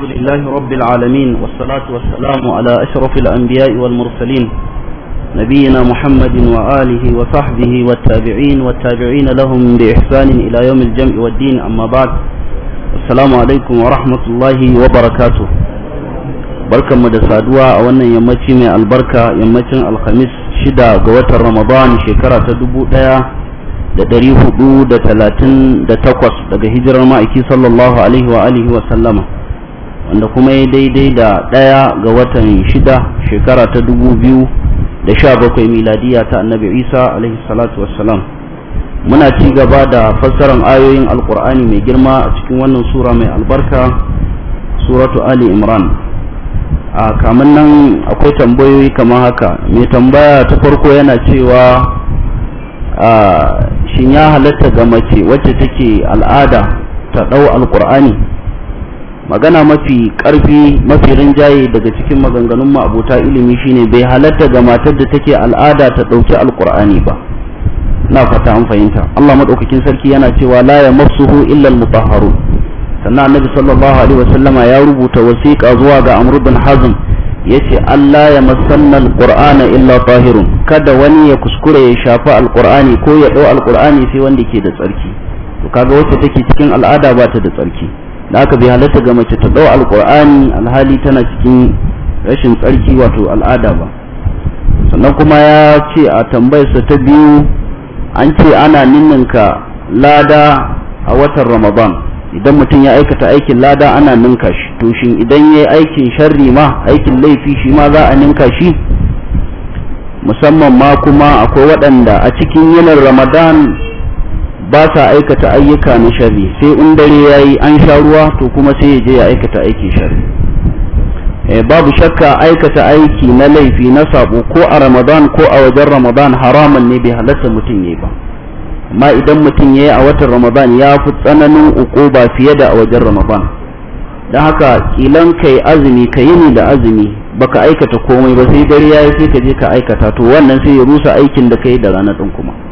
الحمد لله رب العالمين والصلاة والسلام على أشرف الأنبياء والمرسلين نبينا محمد وآله وصحبه والتابعين والتابعين لهم بإحسان إلى يوم الجمع والدين أما بعد السلام عليكم ورحمة الله وبركاته بركة مدسادوا أولا يمتي من البركة يمتي الخميس شدا قوة رمضان شكرة تدبو da ɗari hudu da talatin da takwas daga hijirar ma'aiki sallallahu alaihi wa alihi wa sallama wanda kuma ya daidai da ɗaya ga watan shida shekara ta dubu biyu da sha bakwai miladiya ta annabi isa alaihi salatu wassalam muna ci gaba da fassarar ayoyin alkur'ani mai girma a cikin wannan sura mai albarka suratu ali imran a kamun nan akwai tambayoyi kamar haka mai tambaya ta farko yana cewa shin ya halatta ga mace wacce take al'ada ta ɗau alkur'ani magana mafi karfi mafi rinjaye daga cikin maganganun abota ilimi shine bai halatta ga matar da take al'ada ta ɗauki alkur'ani ba na fata an fahimta Allah madaukakin sarki yana cewa la ya masuhu illa al sannan annabi sallallahu alaihi wasallama ya rubuta wasiƙa zuwa ga Amr bin Hazm yace Allah ya masanna al illa tahirun kada wani ya kuskure ya shafa al ko ya dau al sai wanda ke da tsarki to kaga wacce take cikin al'ada ba ta da tsarki da aka bi halatta ga mace ta dau alqur'ani alhali tana cikin rashin tsarki wato al'ada ba sannan kuma ya ce a tambayarsa ta biyu an ce ana ninninka lada a watan ramadan idan mutum ya aikata aikin lada ana ninka shi to shin idan yayi aikin sharri ma aikin laifi shi ma za a ninka shi musamman ma kuma akwai waɗanda a cikin yanar ramadan ba sa aikata ayyuka na shari sai in dare ya yi an sha ruwa to kuma sai ya je ya aikata aiki shari eh, babu shakka aikata aiki na laifi na sabo ko a ramadan ko a wajen ramadan haramun ne bai halatta mutum ya ba amma idan mutum ya yi a watan ramadan ya fi tsananin uku ba fiye da a wajen ramadan don haka kilan kai azumi ka yi ni da azumi baka aikata komai ba sai dare ya yi sai ka je ka aikata to wannan sai ya rusa aikin da ka yi da ranar din kuma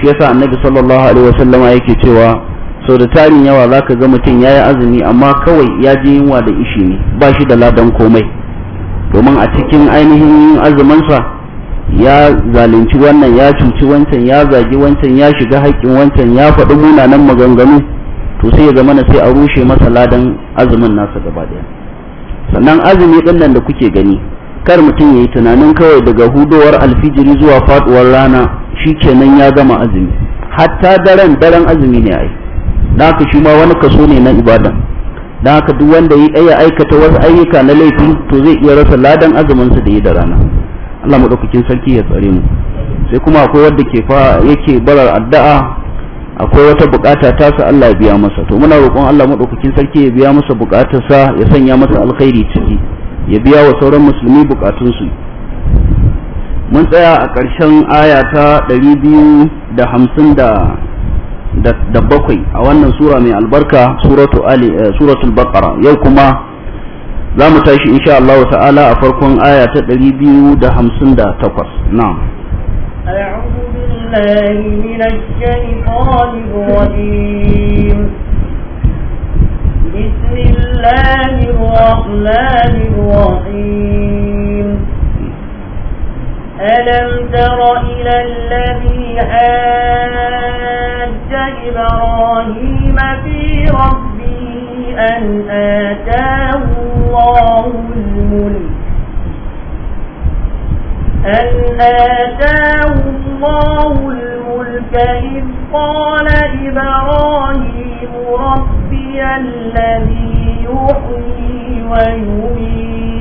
shi yasa annabi sallallahu alaihi wasallama yake cewa so da tarin yawa zaka ga mutum yayi azumi amma kawai ya ji yunwa da ishi ne ba shi da ladan komai domin a cikin ainihin azumin sa ya zalunci wannan ya cuci wancan ya zagi wancan ya shiga haƙƙin wancan ya faɗi munanan maganganu to sai ya zama na sai a rushe masa ladan azumin nasa gaba ɗaya sannan azumi ɗin nan da kuke gani kar mutum ya yi tunanin kawai daga hudowar alfijiri zuwa faɗuwar rana shi kenan ya zama azumi hatta daren daren azumi ne ai da haka shi ma wani kaso ne na ibadan da haka duk wanda ya aikata wasu ayyuka na laifi to zai iya rasa ladan azumin sa da yi da rana Allah madaukakin sarki ya tsare mu sai kuma akwai wanda ke fa yake barar addu'a akwai wata bukata ta sa Allah ya biya masa to muna roƙon Allah madaukakin sarki ya biya masa bukatarsa ya sanya masa alkhairi ciki ya biya wa sauran musulmi bukatunsu mun tsaya a ƙarshen aya ta 257 a wannan sura mai albarka suratu ali eh, suratul baqara yau kuma za mu tashi insha Allah ta'ala a farkon aya ta 258 na'am a'udhu billahi minash shaitanir rajim bismillahir rahmanir rahim ألم تر إلى الذي حاج إبراهيم في ربه أن آتاه الله الملك أن آتاه الله الملك إذ قال إبراهيم ربي الذي يحيي ويميت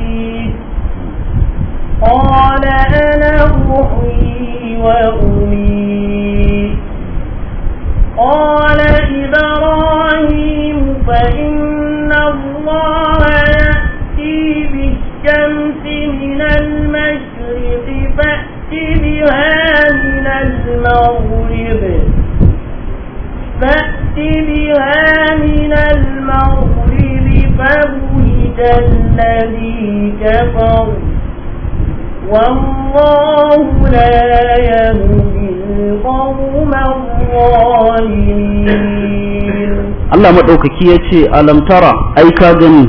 قال أنا أحيي وأميت قال إبراهيم فإن الله يأتي بالشمس من المشرق فأت بها من المغرب فأت بها من المغرب فبهت الذي كفر والله لا يهدي Allah maɗaukaki ya ce, Alamtara, ai ka gani,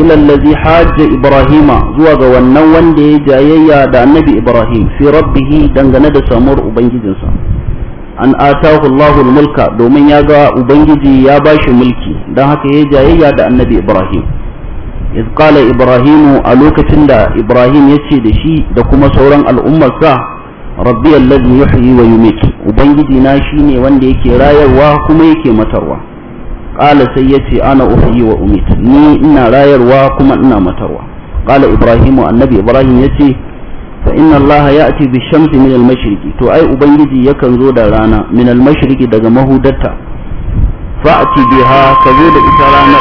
ilan lazi hajji Ibrahima zuwa ga wannan wanda ya jayayya da annabi Ibrahim, fi rabbihi dangane da samuwar Ubangijinsa. An atahu Allahul mulka domin ya ga Ubangiji ya bashi mulki, don haka ya jayayya da annabi Ibrahim. iz qala ibrahimu a lokacin da ibrahim yace da shi da kuma sauran al'ummarsa rabbi allazi yuhyi wa yumit ubangiji na shine wanda yake rayarwa kuma yake matarwa qala sai yace ana uhyi wa umit ni ina rayarwa kuma ina matarwa qala ibrahimu annabi ibrahim yace fa inna allaha ya'ti bi shamsi min al to ai ubangiji yakan zo da rana min al da ranar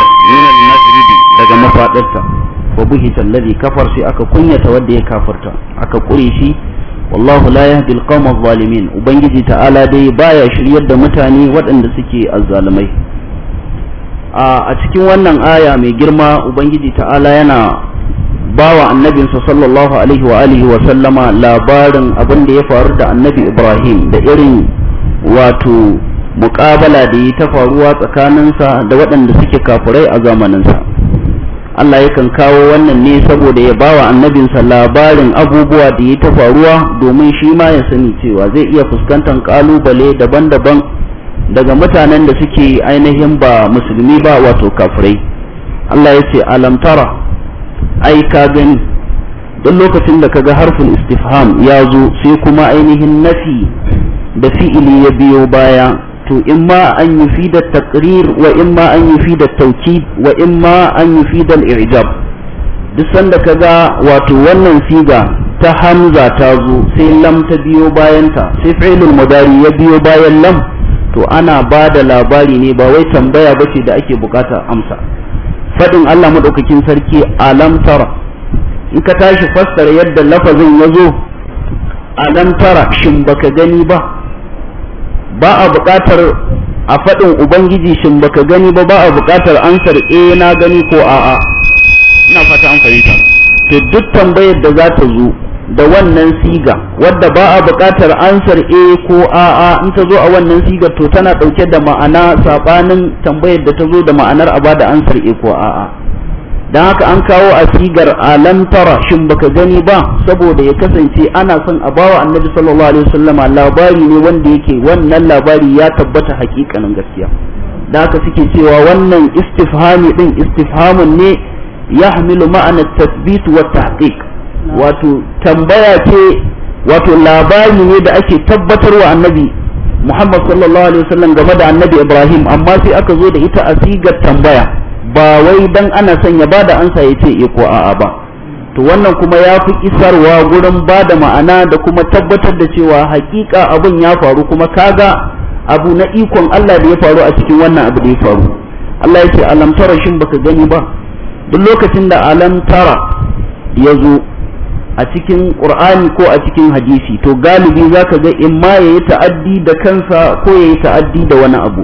daga mafadarta wa buhi alladhi kafar sai aka kunyata wanda ya kafarta aka kure shi wallahu la yahdi alqawma adh ubangiji ta'ala dai baya shiryar da mutane waɗanda suke azzalimai a cikin wannan aya mai girma ubangiji ta'ala yana bawa annabinsa sallallahu alaihi wa alihi wa sallama labarin abin da ya faru da annabi ibrahim da irin wato muƙabala da ya ta faruwa tsakaninsa da waɗanda suke kafurai a zamaninsa Allah yakan kawo wannan ne saboda ya bawa annabinsa labarin abubuwa da ya ta faruwa domin shi ma ya sani cewa zai iya fuskantar kalubale daban-daban daga mutanen da suke ainihin ba musulmi ba wato kafirai Allah ya ce alamtara ai ka gani don lokacin da kaga harfin istifham ya zo sai kuma ainihin nafi da fi'ili ya biyo baya to imma an yufida taqrir wa imma an yufida tawkid wa imma an yufida al-i'jab duk sanda ka ga wato wannan siga ta hamza ta zo sai lam ta biyo bayan sai fi'lul madari ya biyo bayan lam to ana ba da labari ne ba wai tambaya ba bace da ake bukatar amsa fadin Allah maɗaukakin sarki alam in ka tashi fassara yadda lafazin ya zo alam tara shin baka gani ba ba a buƙatar a faɗin ubangiji shin baka gani ba ba a buƙatar ansar e na gani ko a'a ina fata an fahimta to duk tambayar da za ta zo da wannan siga wadda ba a buƙatar ansar e ko a'a in ta zo a wannan siga to tana ɗauke da ma'ana saɓanin tambayar da ta zo da ma'anar a ba da ansar e ko a'a don haka an kawo a sigar alantara tara shin baka gani ba saboda ya kasance ana son a bawa annabi sallallahu alaihi wasallam labari ne wanda yake wannan labari ya tabbata hakikanin gaskiya da haka suke cewa wannan istifhami din istifhamun ne ya hamilu ma'ana tathbit wa tahqiq wato tambaya ce wato labari ne da ake tabbatarwa annabi Muhammad sallallahu alaihi wasallam game da annabi Ibrahim amma sai aka zo da ita a sigar tambaya ba wai dan ana son ya da ansa ya ce eh ko a'a ba to wannan kuma ya fi isarwa gurin ba da ma'ana da kuma tabbatar da cewa hakika abin ya faru kuma kaga abu na ikon Allah da ya faru a cikin wannan abu da ya faru Allah ya ce alam tara shin baka gani ba duk lokacin da alam ya zo a cikin qur'ani ko a cikin hadisi to galibi zaka ga imma yayi ta'addi da kansa ko yayi ta'addi da wani abu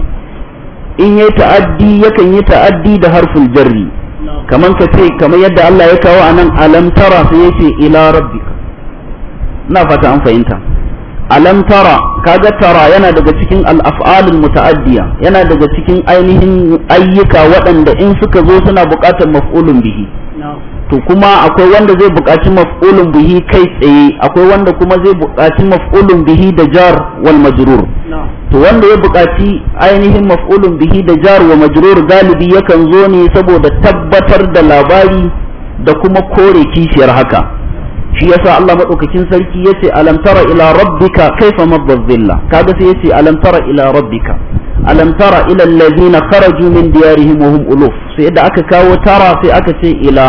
in yi ta'addi yakan yi ta'addi da harful jarri kamar ka ce kamar yadda Allah ya kawo a nan alam tara sai ila rabbika ina fata an fahimta alamtara tara kaga tara yana daga cikin al'af'alul muta'addiya yana daga cikin ainihin ayyuka waɗanda in suka zo suna buƙatar maf'ulun bihi to kuma akwai wanda zai buƙaci maf'ulun bihi kai tsaye akwai wanda kuma zai buƙaci maf'ulun bihi da jar wal majrur to wanda ya buƙaci ainihin maf'ulun bihi da jar wa majrur galibi yakan zo ne saboda tabbatar da labari da kuma kore kishiyar haka shi yasa Allah madaukakin sarki yace alam tara ila rabbika kaifa madazzilla kaga sai yace alam tara ila rabbika alam tara ila allazina kharaju min diyarihim wa hum uluf sai da aka kawo tara sai aka ce ila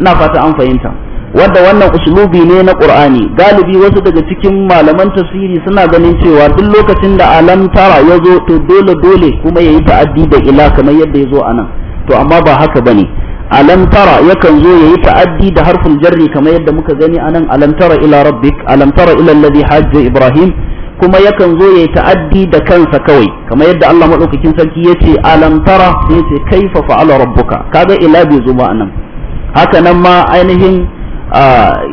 ina fata an fahimta wanda wannan uslubi ne na qur'ani galibi wasu daga cikin malaman tasiri suna ganin cewa duk lokacin da alam tara ya zo to dole dole kuma yayi ta'addi da ila kamar yadda ya zo anan to amma ba haka bane alam tara yakan zo yayi ta'addi da harfin jarri kamar yadda muka gani anan alam tara ila rabbik alam tara ila alladhi hajja ibrahim kuma yakan zo yayi ta'addi da kansa kawai kamar yadda Allah madaukakin sarki yace alam tara yace kaifa fa'ala rabbuka kaga ila bai zo ba anan haka nan ma ainihin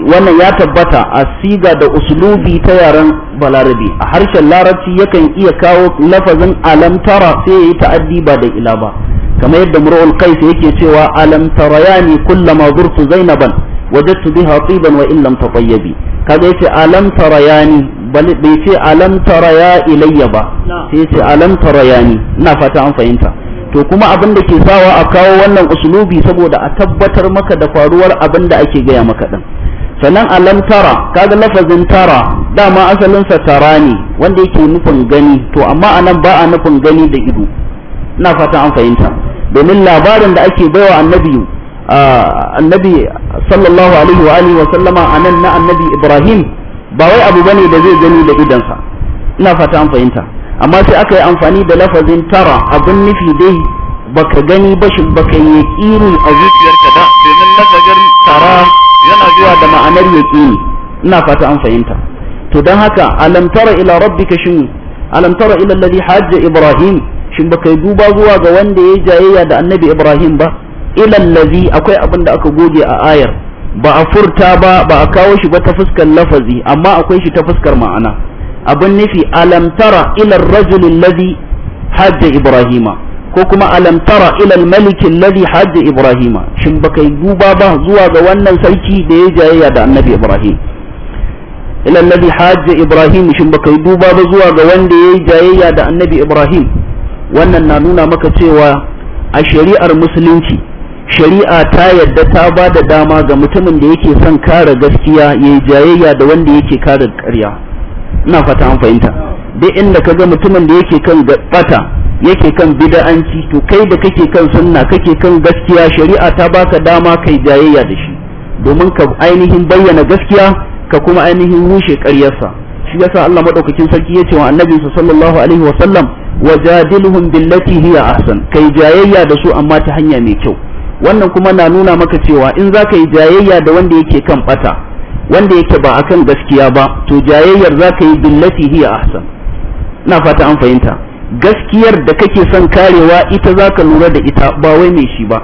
wannan ya tabbata a siga da uslubi ta yaren balarabi a harshen larabci yakan iya kawo lafazin alamtara sai ya yi ta'addi ba da ila ba kamar yadda mur'ul qais yake cewa ne kullama zurtu zainaban wajadtu biha tiban wa illam tatayyibi kaga yace ne bai ce alamtaraya ilayya ba sai yace ne ina fata an fahimta to kuma abin da ke sawa a kawo wannan usulubi saboda a tabbatar maka da faruwar abin da ake gaya maka din sannan alam tara kaga lafazin tara dama asalinsa tara ne wanda yake nufin gani to amma anan ba a nufin gani da ido ina fata an fahimta domin labarin da ake baiwa annabi annabi sallallahu alaihi wa alihi wa sallama anan na annabi ibrahim ba wai abu bane da zai gani da idansa ina fata an fahimta amma sai aka yi amfani da lafazin tara abin nufi dai baka gani ba shi baka yaƙini a zuciyarka da domin lafazin tara yana zuwa da ma'anar yaƙini ina fata an fahimta to don haka alam tara ila rabbika shin alam tara ila alladhi hajja ibrahim shin baka duba zuwa ga wanda ya jayayya da annabi ibrahim ba ila alladhi akwai abin da aka goge a ayar ba a furta ba ba a kawo shi ba ta fuskar lafazi amma akwai shi ta fuskar ma'ana abin nufi alam tara ila ar-rajul alladhi hajja ibrahima ko kuma alam tara ila al-malik alladhi hajja ibrahima shin baka yi duba ba zuwa ga wannan sarki da ya jayayya da annabi ibrahim ila alladhi Hajji ibrahim shin baka yi duba ba zuwa ga wanda ya yi jayayya da annabi ibrahim wannan na nuna maka cewa a shari'ar musulunci shari'a ta yadda ta ba da dama ga mutumin da yake son kare gaskiya ya yi jayayya da wanda yake kare ƙarya ina fata an fahimta duk inda ka ga mutumin da yake kan bata yake kan bida'anci to kai da kake kan sunna kake kan gaskiya shari'a ta baka dama kai jayayya da shi domin ka ainihin bayyana gaskiya ka kuma ainihin rushe ƙaryarsa shi yasa Allah madaukakin sarki ya ce wa annabi sallallahu alaihi wa sallam wajadiluhum billati hiya ahsan kai jayayya da su amma ta hanya mai kyau wannan kuma na nuna maka cewa in za ka yi jayayya da wanda yake kan bata wanda yake ba akan gaskiya ba to jayayyar za ka yi billati hiya ahsan na fata an fahimta gaskiyar da kake son karewa ita za ka lura da ita ba wai mai shi ba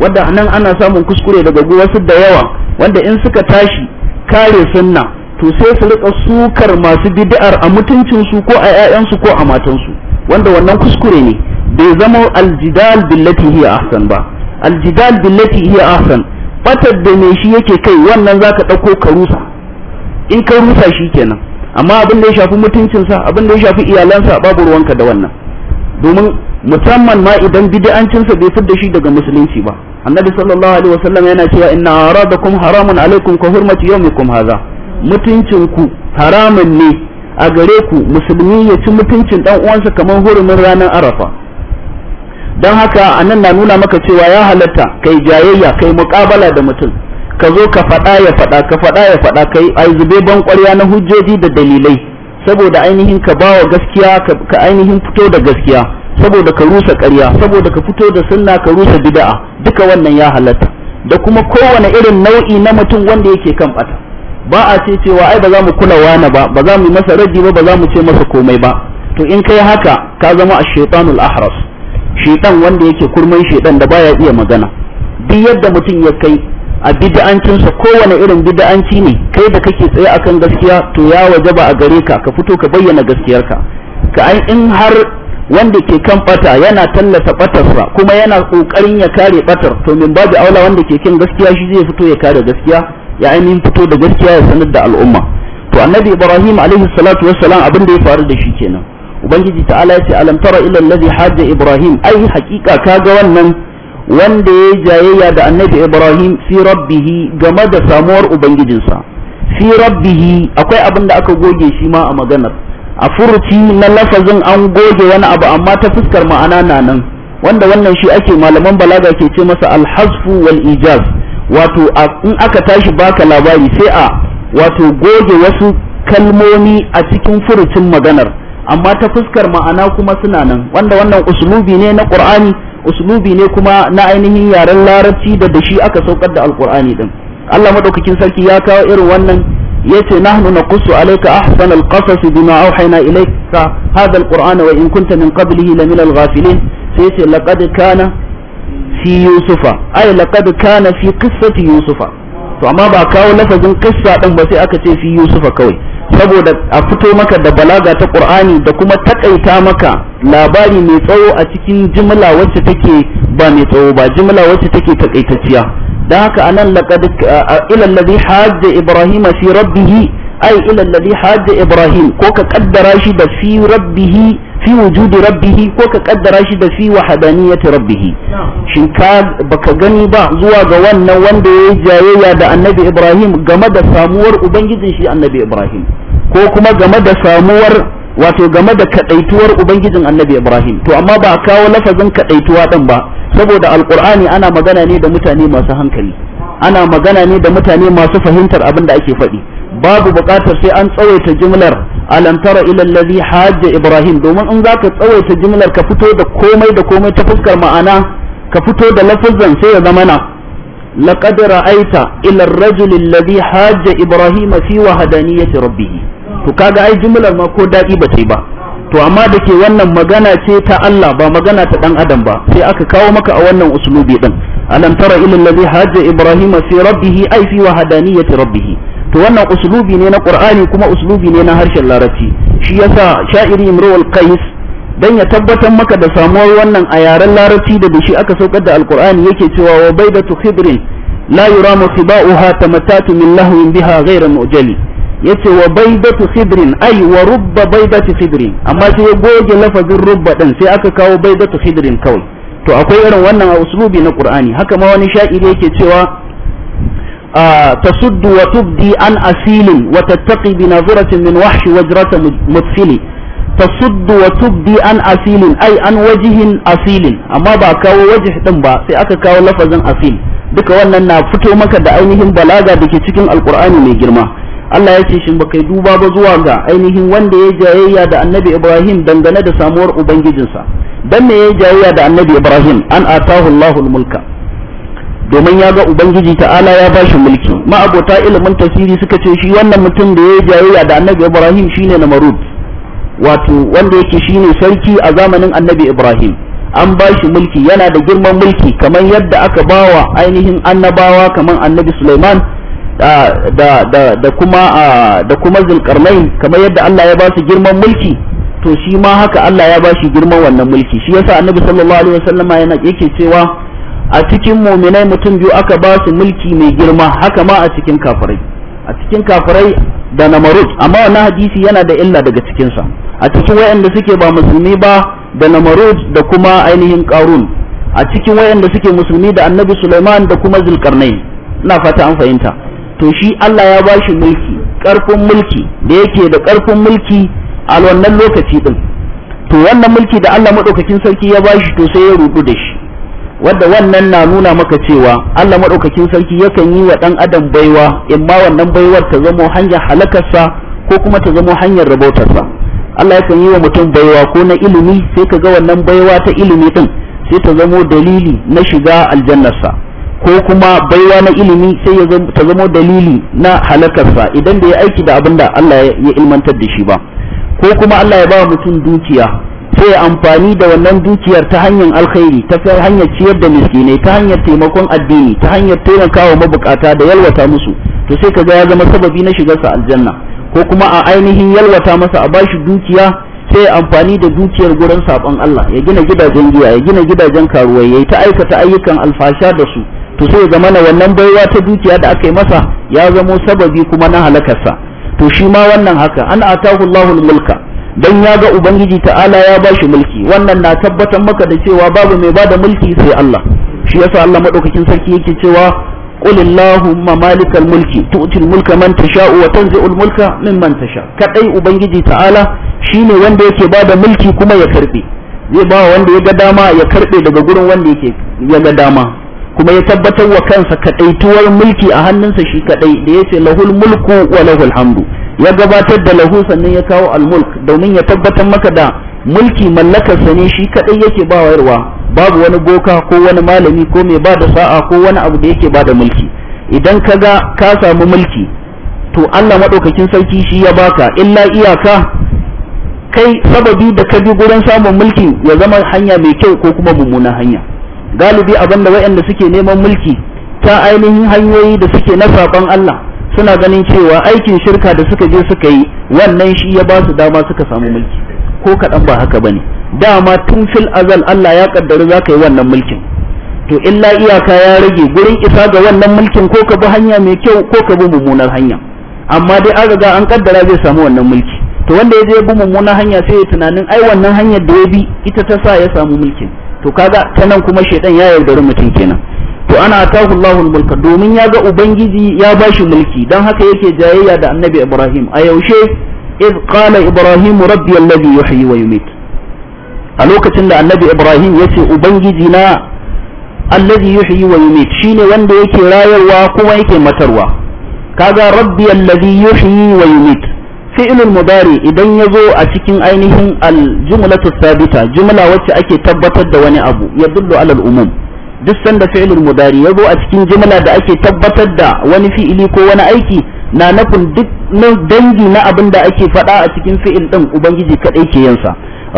wadda nan ana samun kuskure daga wasu da yawa wanda in suka tashi kare sunna to sai su rika sukar masu bid'ar a mutuncinsu ko a 'ya'yansu ko a matansu wanda wannan kuskure ne bai zama aljidal billati hiya ahsan ba aljidal billati hiya ahsan batar da me shi yake kai wannan zaka ɗauko ka rusa in ka rusa shi kenan amma abin da ya shafi mutuncinsa abin da ya shafi iyalansa babu ruwanka da wannan domin musamman ma idan bid'ancinsa bai fitar da shi daga musulunci ba annabi sallallahu alaihi wasallam yana cewa inna aradakum haramun alaikum ka hurmati yawmikum hadha ku haramun ne a gare ku musulmi ya ci mutuncin dan uwansa kamar hurumin ranar arafa don haka anan na nuna maka cewa ya halatta kai jayayya kai muƙabala da mutum ka zo ka faɗa ya faɗa ka faɗa ya faɗa kai ai zube ban ƙwarya na hujjoji da dalilai saboda ainihin ka bawa gaskiya ka ainihin fito da gaskiya saboda ka rusa ƙarya saboda ka fito da sunna ka rusa bid'a duka wannan ya halatta da kuma kowane irin nau'i na mutum wanda yake kan bata ba a ce cewa ai ba za mu kula wani ba ba za mu yi masa raddi ba ba za mu ce masa komai ba to in kai haka ka zama ash-shaytanul ahras shedan wanda yake kurman shedan da baya iya magana duk yadda mutum ya kai a bid'ancinsa kowane irin bid'anci ne kai da kake tsaye akan gaskiya to ya wajaba a gare ka ka fito ka bayyana gaskiyarka ka ai in har wanda ke kan bata yana tallata batarsa kuma yana kokarin ya kare batar to min babu aula wanda ke kan gaskiya shi zai fito ya kare gaskiya ya ainihin fito da gaskiya ya sanar da al'umma to annabi ibrahim alaihi salatu wassalam abin da ya faru da shi kenan ubangiji ta'ala ya ce alam tara ila allazi hajja ibrahim ai hakika kaga wannan wanda ya jayayya da annabi ibrahim fi rabbihi game da samuwar ubangijinsa fi rabbihi akwai abin da aka goge shi ma a maganar a furuci na lafazin an goge wani abu amma ta fuskar ma'ana na nan wanda wannan shi ake malaman balaga ke ce masa alhazfu wal ijaz wato in aka tashi baka labari sai a wato goge wasu kalmomi a cikin furucin maganar amma ta fuskar ma'ana kuma suna nan wanda wannan uslubi ne na qur'ani uslubi ne kuma na ainihin yaren larabci da da shi aka saukar da alqur'ani din Allah madaukakin sarki ya kawo irin wannan yace nahnu naqussu alayka ahsan alqasas bima awhayna ilayka hadha alqur'ana wa in kunta min qablihi lamina alghafilin sai yace laqad kana fi yusufa ay laqad kana fi qissati yusufa to amma ba kawo lafazin qissa din ba sai aka ce fi yusufa kawai saboda a fito maka da balaga ta ƙur'ani da kuma taƙaita maka labari mai tsawo a cikin jimla wacce take ba mai tsawo ba jimla wacce take takaitacciya da haka anan laqad ila ladi hajji ibrahim fi rabbih ai ila ladi hajji ibrahim ko ka kaddara shi da fi rabbih fi wujudi rabbihi ko ka kaddara shi da fi wahadaniyati rabbihi shin ka baka gani ba zuwa ga wannan wanda ya jayayya da annabi Ibrahim game da samuwar ubangijin shi annabi Ibrahim ko kuma game da samuwar wato game da kadaituwar ubangijin annabi Ibrahim to amma ba a kawo lafazin kadaituwa din ba saboda alqur'ani ana magana ne da mutane masu hankali ana magana ne da mutane masu fahimtar abin da ake faɗi babu buƙatar sai an tsawaita jimlar alantara tara hajja ibrahim domin in zaka tsawaita jimlar ka fito da komai da komai ta fuskar ma'ana ka fito da lafazan sai ya zamana na laqad ra'aita ila ar-rajul hajja ibrahim fi wahdaniyati rabbih to kaga ai jimlar ma ko dadi ba ta yi ba to amma da ke wannan magana ce ta Allah ba magana ta dan adam ba sai aka kawo maka a wannan uslubi din alam tara ila allazi hajja ibrahim fi rabbih ai fi wahdaniyati rabbih to wannan uslubi ne na qur'ani kuma uslubi ne na harshen larabci shi yasa sha'iri imru al-qais dan ya tabbatar maka da samuwar wannan a yaren larabci da shi aka saukar da alqur'ani yake cewa wa baidatu khidrin la yuramu khiba'uha tamattatu min lahwin biha ghayra mu'jali yace wa baidatu khidrin ay wa rubba baidati khidrin amma sai ya goge lafazin rubba din sai aka kawo baidatu khidrin kawai to akwai irin wannan a uslubi na qur'ani haka ma wani sha'iri yake cewa تسد وتبدي عن أسيل وتتقي بنظرة من وحش وجرة مدفل تصد وتبدي عن أسيل أي عن وجه أسيل أما ba وجه تنبا kawo لفظا أسيل duka wannan na fito maka da ainihin balaga da ke cikin alkur'ani mai girma Allah ya ce shin baka duba ba zuwa ga ainihin wanda ya jayayya da annabi Ibrahim dangane da samuwar ubangijinsa dan me ya jayayya da annabi Ibrahim an atahu Allahul mulka domin ya ga ubangiji ta'ala ya ba shi mulki ma'abota ilimin tasiri suka ce shi wannan mutum da ya yi jayayya da annabi ibrahim shine namarud wato wanda yake shine sarki a zamanin annabi ibrahim an ba shi mulki yana da girman mulki kamar yadda aka bawa ainihin annabawa kamar annabi suleiman da, da, da, kuma da kuma zulkarnain kamar yadda allah ya ba su girman mulki to shi ma haka allah ya ba shi girman wannan mulki shi yasa annabi sallallahu alaihi wasallama yana yake cewa a cikin muminai mutum biyu aka ba su mulki mai girma haka ma a cikin kafirai a cikin kafirai da namarud amma wannan hadisi yana da illa daga cikinsa a cikin wayanda suke ba musulmi ba da namarud da kuma ainihin karun a cikin wayanda suke musulmi da annabi sulaiman da kuma zulkarnai ina fata an fahimta to shi allah ya ba shi mulki karfin mulki da yake da karfin mulki a wannan lokaci din to wannan mulki da allah maɗaukakin sarki ya ba shi to sai ya rudu da shi wanda wannan na nuna maka cewa Allah madaukakin sarki yakan yi wa ɗan adam baiwa in ma wannan baiwar ta zamo hanyar halakarsa ko kuma ta zamo hanyar rabautarsa Allah yakan yi wa mutum baiwa ko na ilimi sai ka ga wannan baiwa ta ilimi din sai ta zamo dalili na shiga aljannarsa ko kuma baiwa na ilimi sai ta zamo dalili na halakarsa idan bai aiki da abin da Allah ya ilmantar da shi ba ko kuma Allah ya ba mutum dukiya sai amfani da wannan dukiyar ta hanyar alkhairi ta hanyar ciyar da miskinai ta hanyar taimakon addini ta hanyar taimakawa mabukata da yalwata musu to sai kaga ya zama sababi na shigarsa aljanna ko kuma a ainihin yalwata masa a bashi dukiya sai amfani da dukiyar gurin saban Allah ya gina gidajen giya ya gina gidajen karuwai ya ta aikata ayyukan alfasha da su to sai ya zama na wannan baiwa ta dukiya da aka yi masa ya zamo sababi kuma na halakarsa to shi ma wannan haka an atahu Allahul mulka dan ya ga ubangiji ta'ala ya ba shi mulki wannan na tabbatar maka da cewa babu mai bada mulki sai Allah shi yasa Allah madaukakin sarki yake cewa qul allahumma malikal mulki tu'til mulka man tasha'u wa tanzi'ul mulka mimman tasha kadai ubangiji ta'ala shine wanda yake bada mulki kuma ya karbe zai ba wanda ya ga dama ya karbe daga gurin wanda yake ya ga dama kuma ya tabbatar wa kansa kadai tuwar mulki a hannunsa shi kadai da yace lahul mulku wa lahul hamdu ya gabatar da lahu sannan ya kawo almulk domin ya tabbatar maka da mulki mallakarsa ne shi kadai yake ba wayarwa babu wani boka ko wani malami ko mai ba da sa'a ko wani abu da yake ba da mulki idan ka ga ka samu mulki to Allah madaukakin sarki shi ya baka illa iyaka kai sababi da ka bi gurin samun mulki ya zama hanya mai kyau ko kuma mummunan hanya galibi abinda waɗanda suke neman mulki ta ainihin hanyoyi da suke na saban Allah suna ganin cewa aikin shirka da suka je suka yi wannan shi ya ba su dama suka samu mulki ko kaɗan ba haka ba ne dama tun fil azal Allah ya ƙaddari za ka yi wannan mulkin to illa iyaka ya rage gurin isa ga wannan mulkin ko ka bi hanya mai kyau ko ka bi mummunar hanya amma dai an riga an ƙaddara zai samu wannan mulki to wanda ya je bi mummunar hanya sai ya tunanin ai wannan hanyar da ya bi ita ta sa ya samu mulkin to kaga ta nan kuma shaidan ya yaudari mutum kenan to ana atahu Allahul mulka domin ya ga ubangiji ya bashi mulki dan haka yake jayayya da annabi Ibrahim a yaushe iz qala Ibrahim rabbi alladhi yuhyi wa yumit a lokacin da annabi Ibrahim yace ubangiji na alladhi yuhyi wa yumit shine wanda yake rayarwa kuma yake matarwa kaga rabbi alladhi yuhyi wa yumit fi'lul mudari idan yazo a cikin ainihin al jumlatu thabita jumla wacce ake tabbatar da wani abu ya dullu alal umum duk sanda fi'ilul mudari ya zo a cikin jimla da ake tabbatar da wani fi'ili ko wani aiki na nufin duk dangi na abin da ake faɗa a cikin fi'il ɗin ubangiji kaɗai ke yansa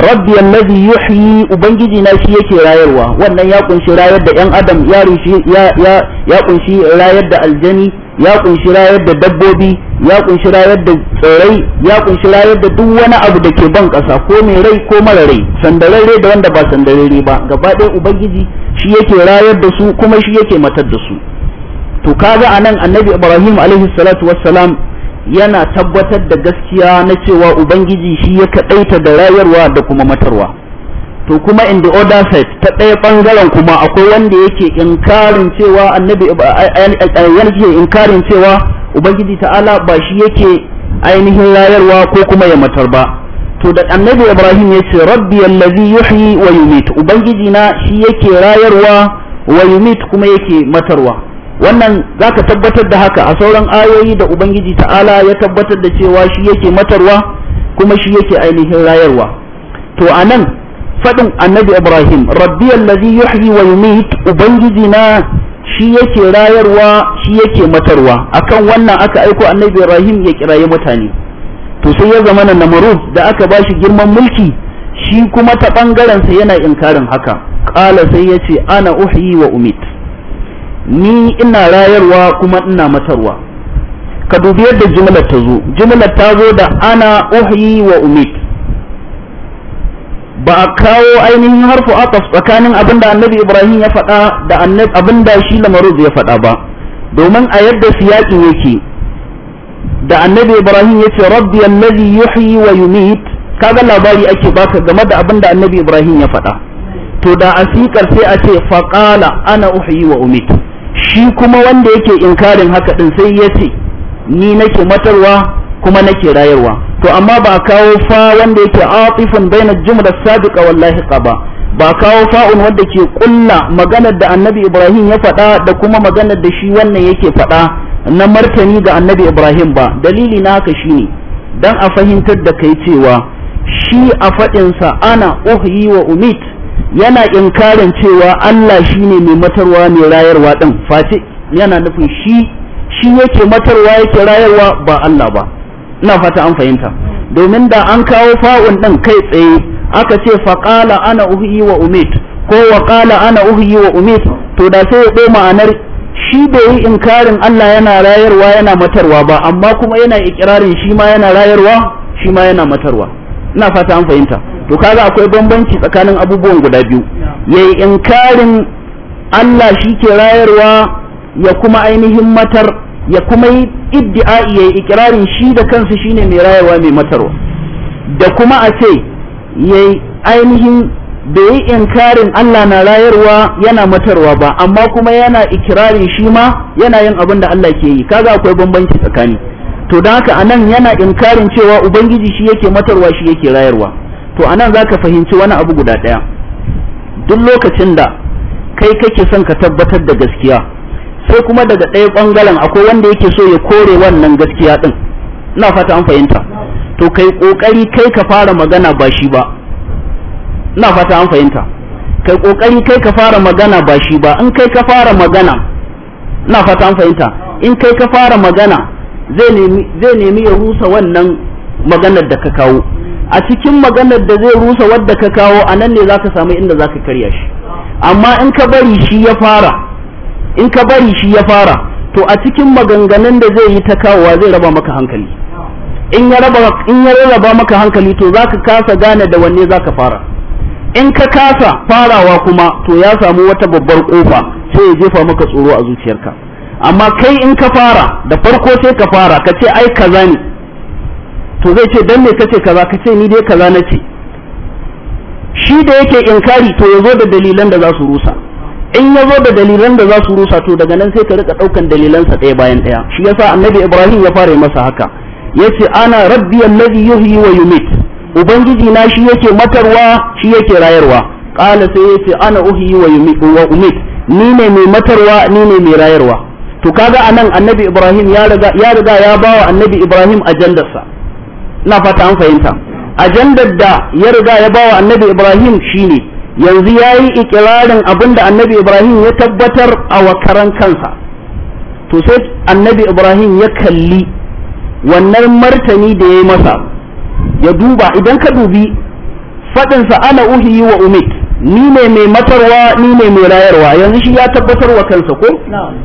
rabbi allazi yuhyi ubangiji na shi yake rayarwa wannan ya kunshi rayar da yan adam ya ya ya kunshi rayar da aljani ya kunshi rayar da dabbobi ya kunshi rayar da tsirrai ya kunshi rayar da duk wani abu da ke ban ƙasa ko mai rai ko mara rai sandararre da wanda ba sandararre ba gaba ɗaya ubangiji shi yake rayar da su kuma shi yake matar da su to kaga anan annabi ibrahim alaihi salatu wassalam yana tabbatar da gaskiya na cewa ubangiji shi ya kaɗaita da rayarwa da kuma matarwa to kuma in the other side ta ɗaya ɓangaren kuma akwai wanda yake inkarin cewa annabi yake inkarin cewa ubangiji ta'ala ba shi yake ainihin rayarwa ko kuma ya matar ba to da annabi ibrahim ya ce rabbi allazi yuhyi wa yumit ubangiji na shi yake rayarwa wa yumit kuma yake matarwa wannan zaka tabbatar da haka a sauran ayoyi da ubangiji ta'ala ya tabbatar da cewa shi yake matarwa kuma shi yake ainihin rayarwa to anan faɗin annabi ibrahim rabbi allazi yuhyi wa yumit ubangiji na shi yake rayarwa shi yake matarwa akan wannan aka aiko annabi ibrahim ya kiraye mutane to sai ya zama na da aka bashi girman mulki shi kuma ta bangaren sa yana inkarin haka qala sai yace ana uhyi wa umit ni ina rayarwa kuma ina matarwa ka dubi yadda jumlar ta zo jumlar ta zo da ana uhyi wa umit ba a kawo ainihin harfu ataf tsakanin abinda annabi ibrahim ya faɗa da abinda shi lamarud ya faɗa ba domin a yadda siyaki yake da annabi ibrahim ya ce rabbi allazi yuhyi wa yumit kaga labari ake baka game da abinda annabi ibrahim ya faɗa to da asikar sai a ce faqala ana uhyi wa umit shi kuma wanda yake inkarin haka din sai ya ce ni nake matarwa kuma nake rayarwa to amma ba a kawo fa wanda yake atifun baina jumla da wallahi lahiqa ba ba kawo fa'un wanda ke kulla maganar da annabi ibrahim ya faɗa da kuma maganar da shi wannan yake faɗa na martani ga annabi ibrahim ba dalili na haka shine dan a fahimtar da kai cewa shi a faɗinsa ana uhyi wa umit yana inkarin cewa Allah shine mai matarwa mai rayarwa din Fati yana nufin shi shi yake matarwa yake rayarwa ba Allah ba ina fata an fahimta domin da an kawo fa'un ɗin kai tsaye aka ce faƙala ana uhi wa umit ko waƙala ana uhi wa umit to da sai ya ɗo ma'anar shi bai yi inkarin Allah yana rayarwa yana matarwa ba amma kuma yana ikirarin shi ma yana rayarwa shi ma yana matarwa ina fata an fahimta to kaga akwai bambanci tsakanin abubuwan guda biyu yayi inkarin Allah shi ke rayarwa ya kuma ainihin matar ya kuma yi iddi'a'i ya ikirarin shi da kansa shine mai rayuwa mai matarwa da kuma a ce ya yi ainihin da yi inkarin Allah na rayarwa yana matarwa ba amma kuma yana ikirarin shi ma yana yin abin da Allah ke yi kaga akwai bambanci tsakani to don haka anan yana inkarin cewa ubangiji shi yake matarwa shi yake rayarwa to anan zaka fahimci wani abu guda ɗaya duk lokacin da kai kake son ka tabbatar da gaskiya sai kuma daga ɗaya ɓangaren akwai wanda yake so ya kore wannan gaskiya ɗin ina fata an fahimta to kai ƙoƙari kai ka fara magana ba shi ba ina fata an fahimta kai ƙoƙari kai ka fara magana ba shi ba in kai ka fara magana ina fata an fahimta in kai ka fara magana zai nemi ya rusa wannan maganar da ka kawo a cikin maganar da zai rusa wadda ka kawo a nan ne za ka samu inda za ka karya shi amma in ka bari shi ya fara in ka bari shi ya fara to a cikin maganganun da zai yi ta kawowa zai raba maka hankali in ya raba in ya raba maka hankali to zaka kasa gane da wanne zaka fara in ka kasa farawa kuma to ya samu wata babbar kofa sai ya jefa maka tsoro a zuciyarka amma kai in ka fara da farko sai ka fara ka ce ai kaza ne to zai ce dan me kace kaza ka ce ni dai kaza nace shi da yake inkari to yazo da dalilan da za su rusa in ya zo da dalilan da za su rusa to daga nan sai ka rika ɗaukan dalilansa ɗaya bayan ɗaya shi yasa annabi ibrahim ya fara masa haka yace ana rabbi allazi yuhyi wa yumit ubangiji na shi yake matarwa shi yake rayarwa qala sai yace ana uhyi wa yumit wa umit ni ne mai matarwa ni ne mai rayarwa to kaga anan annabi ibrahim ya riga ya riga ya bawa annabi ibrahim ajandarsa ina fata an fahimta ajandar da ya riga ya bawa annabi ibrahim shine yanzu ya yayi ikirarin da annabi Ibrahim ya tabbatar a wakaran kansa to sai annabi Ibrahim ya kalli wannan martani da ya yi masa ya duba idan ka dubi faɗinsa ana uhiyi wa umit ni ne mai matarwa ni ne mai rayarwa yanzu shi ya tabbatar wa kansa ko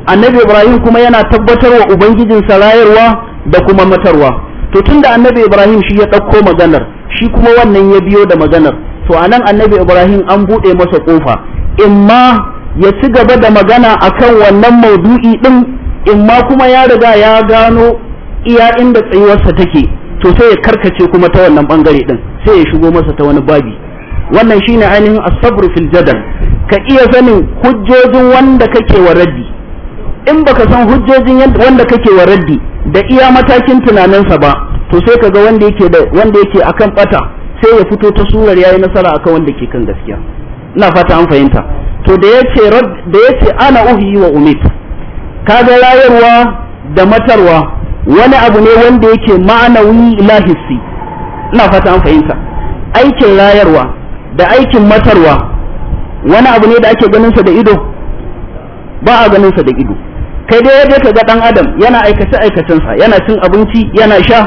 annabi ibrahim kuma yana tabbatar wa ubangijinsa rayarwa da kuma matarwa to tunda annabi ibrahim shi ya ɗauko maganar shi kuma wannan ya biyo da maganar to anan annabi ibrahim an buɗe masa ƙofa imma ya ci gaba da magana akan wannan maudu'i ɗin imma kuma ya riga ya gano iya inda tsayuwarsa take to sai ya karkace kuma ta wannan bangare ɗin sai ya shigo masa ta wani babi wannan shine ainihin asabru fil jadal ka iya sanin hujjojin wanda kake wa raddi in baka san hujjojin wanda kake wa raddi da iya matakin tunaninsa ba to sai ga wanda yake da wanda yake akan bata sai ya fito ta surar yayi nasara akan wanda ke kan gaskiya ina fata an fahimta to da yace da yace ana uhi wa umit kaga rayarwa da matarwa wani abu ne wanda yake ma'anawi lahisi ina fata an fahimta aikin rayarwa da aikin matarwa wani abu ne da ake ganin sa da ido ba a ganin sa da ido kai dai yadda ka ga dan adam yana aikace sa yana cin abinci yana sha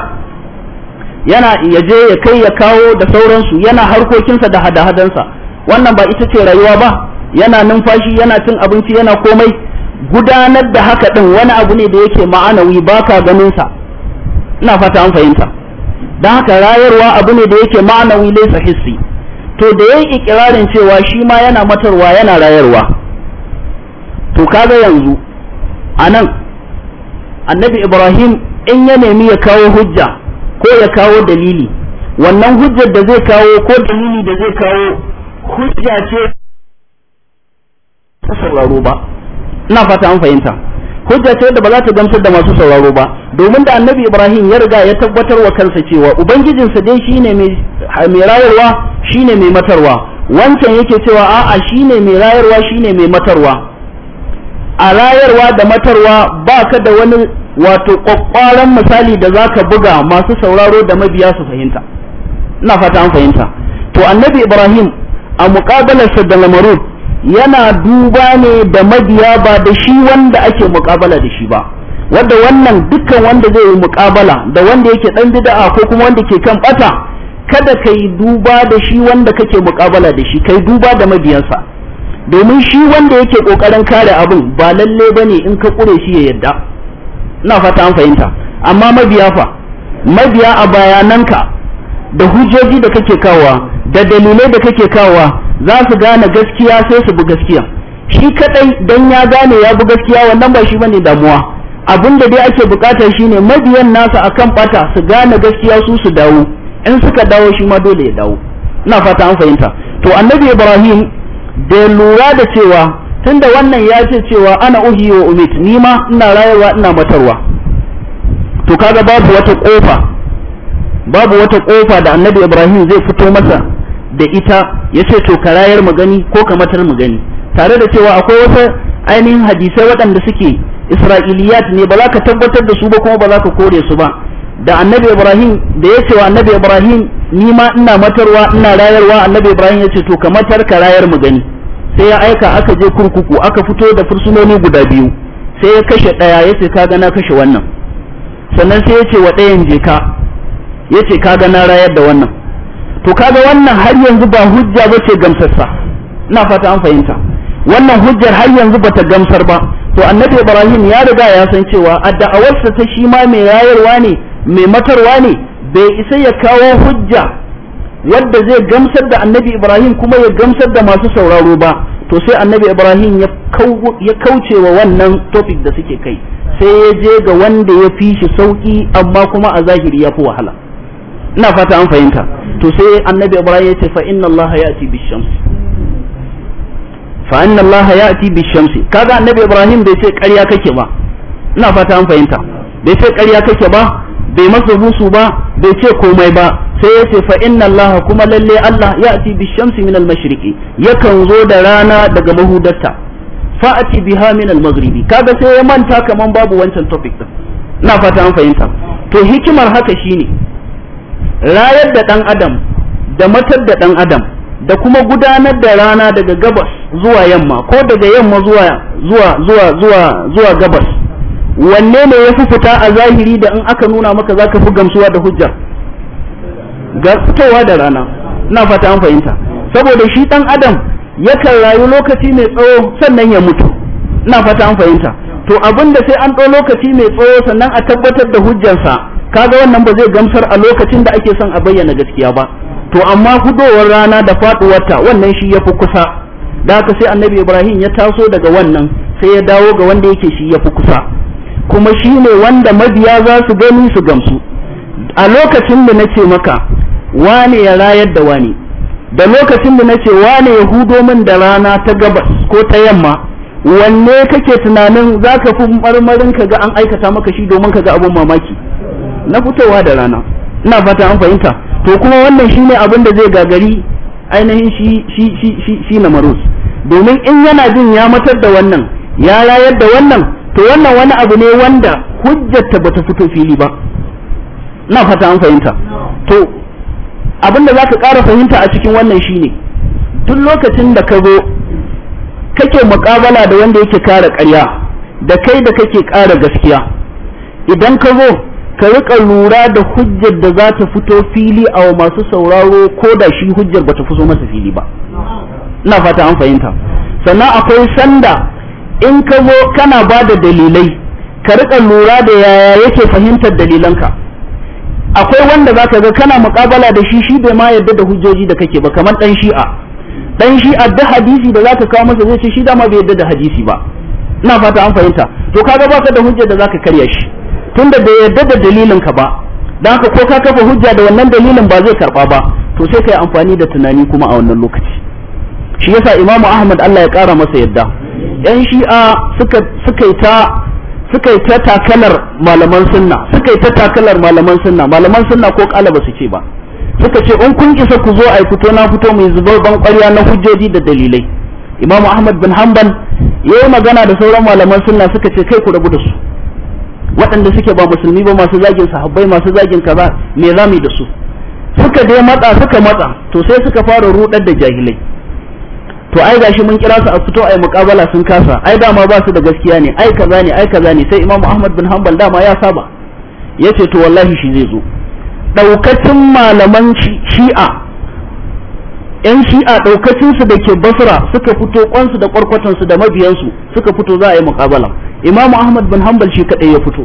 yana ya je ya kai ya kawo da sauransu yana harkokinsa da hada-hadansa wannan ba ita ce rayuwa ba yana numfashi yana cin abinci yana komai gudanar da haka din wani abu ne da yake ma'anawi ba ka ganin sa ina fata an fahimta don haka rayarwa abu ne da yake ma'anawi laisa hissi to da yayi ikirarin cewa shi ma yana matarwa yana rayarwa to kaga yanzu anan annabi ibrahim in ya nemi ya kawo hujja ko ya kawo dalili wannan hujjar da zai kawo ko dalili da zai kawo hujja ce ta sauraro ba ina fata an fahimta hujja ce da ba za ta gamsar da masu sauraro ba domin da annabi ibrahim ya riga ya tabbatar wa kansa cewa ubangijinsa dai shine mai rayarwa shine mai matarwa wancan yake cewa a'a shine mai rayarwa shine mai matarwa a rayarwa da matarwa ba ka da wani wato kwakwaran misali da za ka buga masu sauraro da mabiya su fahimta ina fata an fahimta to annabi ibrahim a mukabalarsa da lamaru yana duba ne da mabiya ba da shi wanda ake muƙabala da shi ba wanda wannan dukkan wanda zai yi muƙabala da wanda yake dan bid'a ko kuma wanda ke kan bata kada kai duba da shi wanda kake muƙabala da shi kai duba da mabiyansa domin shi wanda yake kokarin kare abin ba lalle ne in ka kure shi ya yadda ina fata an fahimta amma mabiya fa mabiya a ka da hujjoji da kake kawa da dalilai da kake kawa za su gane gaskiya sai su bi gaskiya shi kadai dan ya gane ya bi gaskiya wannan ba shi bane damuwa abin da dai ake bukata shine mabiyan nasa akan bata su gane gaskiya su su dawo in suka dawo shi ma dole ya dawo ina fata an fahimta to annabi ibrahim da lura da cewa tunda wannan ya ce cewa ana uhi wa umit ni ma ina rayuwa ina matarwa to kaga babu wata kofa babu wata kofa da annabi ibrahim zai fito masa da ita ya ce to ka rayar mu gani ko ka matar mu gani tare da cewa akwai wata ainihin hadisai waɗanda suke isra'iliyat ne ba za ka tabbatar da su ba kuma ba za ka kore su ba da annabi ibrahim da ya ce wa annabi ibrahim ni ma ina matarwa ina rayarwa annabi ibrahim ya ce to ka matar ka rayar mu gani sai ya aika aka je kurkuku aka fito da fursunoni guda biyu sai ya kashe ɗaya ya ce kaga na kashe wannan sannan sai ya ce wa ɗayan je ka ya ce kaga na rayar da wannan to kaga wannan har yanzu ba hujja ba ce gamsarsa ina fata an fahimta wannan hujjar har yanzu bata gamsar ba to annabi ibrahim ya riga ya san cewa a da'awarsa ta shi ma mai rayarwa ne mai matarwa ne bai isa ya kawo hujja wanda zai gamsar da annabi ibrahim kuma ya gamsar da masu sauraro ba to sai annabi ibrahim ya kauce wa wannan topic da suke kai sai ya je ga wanda ya fi shi sauki amma kuma a zahiri ya fi wahala ina fata an fahimta to sai annabi ibrahim ya ce fa inna allah ya'ti bishams fa inna allah ya'ti bishams kaga annabi ibrahim bai ce ƙarya kake ba ina fata an fahimta bai ce ƙarya kake ba bai masa musu ba bai ce komai ba sai ya ce fa inna Allah kuma lalle Allah ya'ti bi shamsi min al-mashriqi yakan zo da rana daga mahudarta fa'ati biha min al-maghribi kaga sai ya manta kaman babu wancan topic din ina fata an fahimta to hikimar haka shine rayar da ɗan adam da matar da ɗan adam da kuma gudanar da rana daga gabas zuwa yamma ko daga yamma zuwa zuwa zuwa zuwa gabas wanne ne ya fi fita a zahiri da in aka nuna maka za ka fi gamsuwa da hujjar ga fitowa da rana na fata an fahimta saboda shi ɗan adam yakan rayu lokaci mai tsawo sannan ya mutu na fata an fahimta to abin da sai an ɗau lokaci mai tsawo sannan a tabbatar da hujjarsa ga wannan ba zai gamsar a lokacin da ake son a bayyana gaskiya ba to amma hudowar rana da faɗuwarta wannan shi ya fi kusa da haka sai annabi ibrahim ya taso daga wannan sai ya dawo ga wanda yake shi ya fi kusa kuma shi ne wanda mabiya za su gani su gamsu a lokacin da nace maka wane ya rayar da wani da lokacin da nace wane ya hudo min da rana ta gabas ko ta yamma wanne kake tunanin za ka fi marmarin ka ga an aikata maka shi domin ka ga abin mamaki na fitowa da rana ina fata an fahimta to kuma wannan shi ne abin da zai gagari ainihin shi shi shi shi na maros domin in yana jin ya matar da wannan ya rayar da wannan to wannan wani abu ne wanda hujjarta bata fito fili ba na fata an fahimta to abin da za ka ƙara fahimta a cikin wannan shine tun lokacin da ka zo kake muƙabala da wanda yake kara ƙarya da kai da kake ƙara gaskiya idan ka zo ka riƙa lura da hujjar da za ta fito fili a masu sauraro ko da shi hujjar ba ta fito masa fili ba ina fata an fahimta sannan akwai sanda in ka zo kana ba da dalilai ka riƙa lura da yaya yake fahimtar dalilanka akwai wanda za ka ga kana muƙabala da shi shi bai ma yadda da hujjoji da kake ba kamar ɗan shi'a ɗan shi'a da hadisi da za ka kawo masa zai ce shi dama bai yadda da hadisi ba ina fata an fahimta to kaga baka da hujja da za ka karya shi tunda bai yadda da dalilinka ba don haka ko ka kafa hujja da wannan dalilin ba zai karɓa ba to sai ka yi amfani da tunani kuma a wannan lokaci shi yasa imamu ahmad allah ya ƙara masa yadda yan shi'a suka suka ta suka ta takalar malaman sunna suka ta takalar malaman sunna malaman sunna ko kala ba su ce ba suka ce in kun kisa ku zo a fito na fito mai zubar ban kwarya na hujjoji da dalilai imam ahmad bin hanbal ya yi magana da sauran malaman sunna suka ce kai ku rabu da su waɗanda suke ba musulmi ba masu zagin sahabbai masu zagin kaza me za mu da su suka dai matsa suka matsa to sai suka fara rudar da jahilai to ai gashi mun kira su a fito ai muƙabala sun kasa ai dama ba su da gaskiya ne ai kaza ne ai kaza ne sai Imam Ahmad bin Hanbal dama ya saba yace to wallahi shi zai zo daukacin malaman Shi'a yan Shi'a daukacin su da ke Basra suka fito kwansu da kwarkwatan su da su suka fito za a yi muƙabala Imam Ahmad bin Hanbal shi kadai ya fito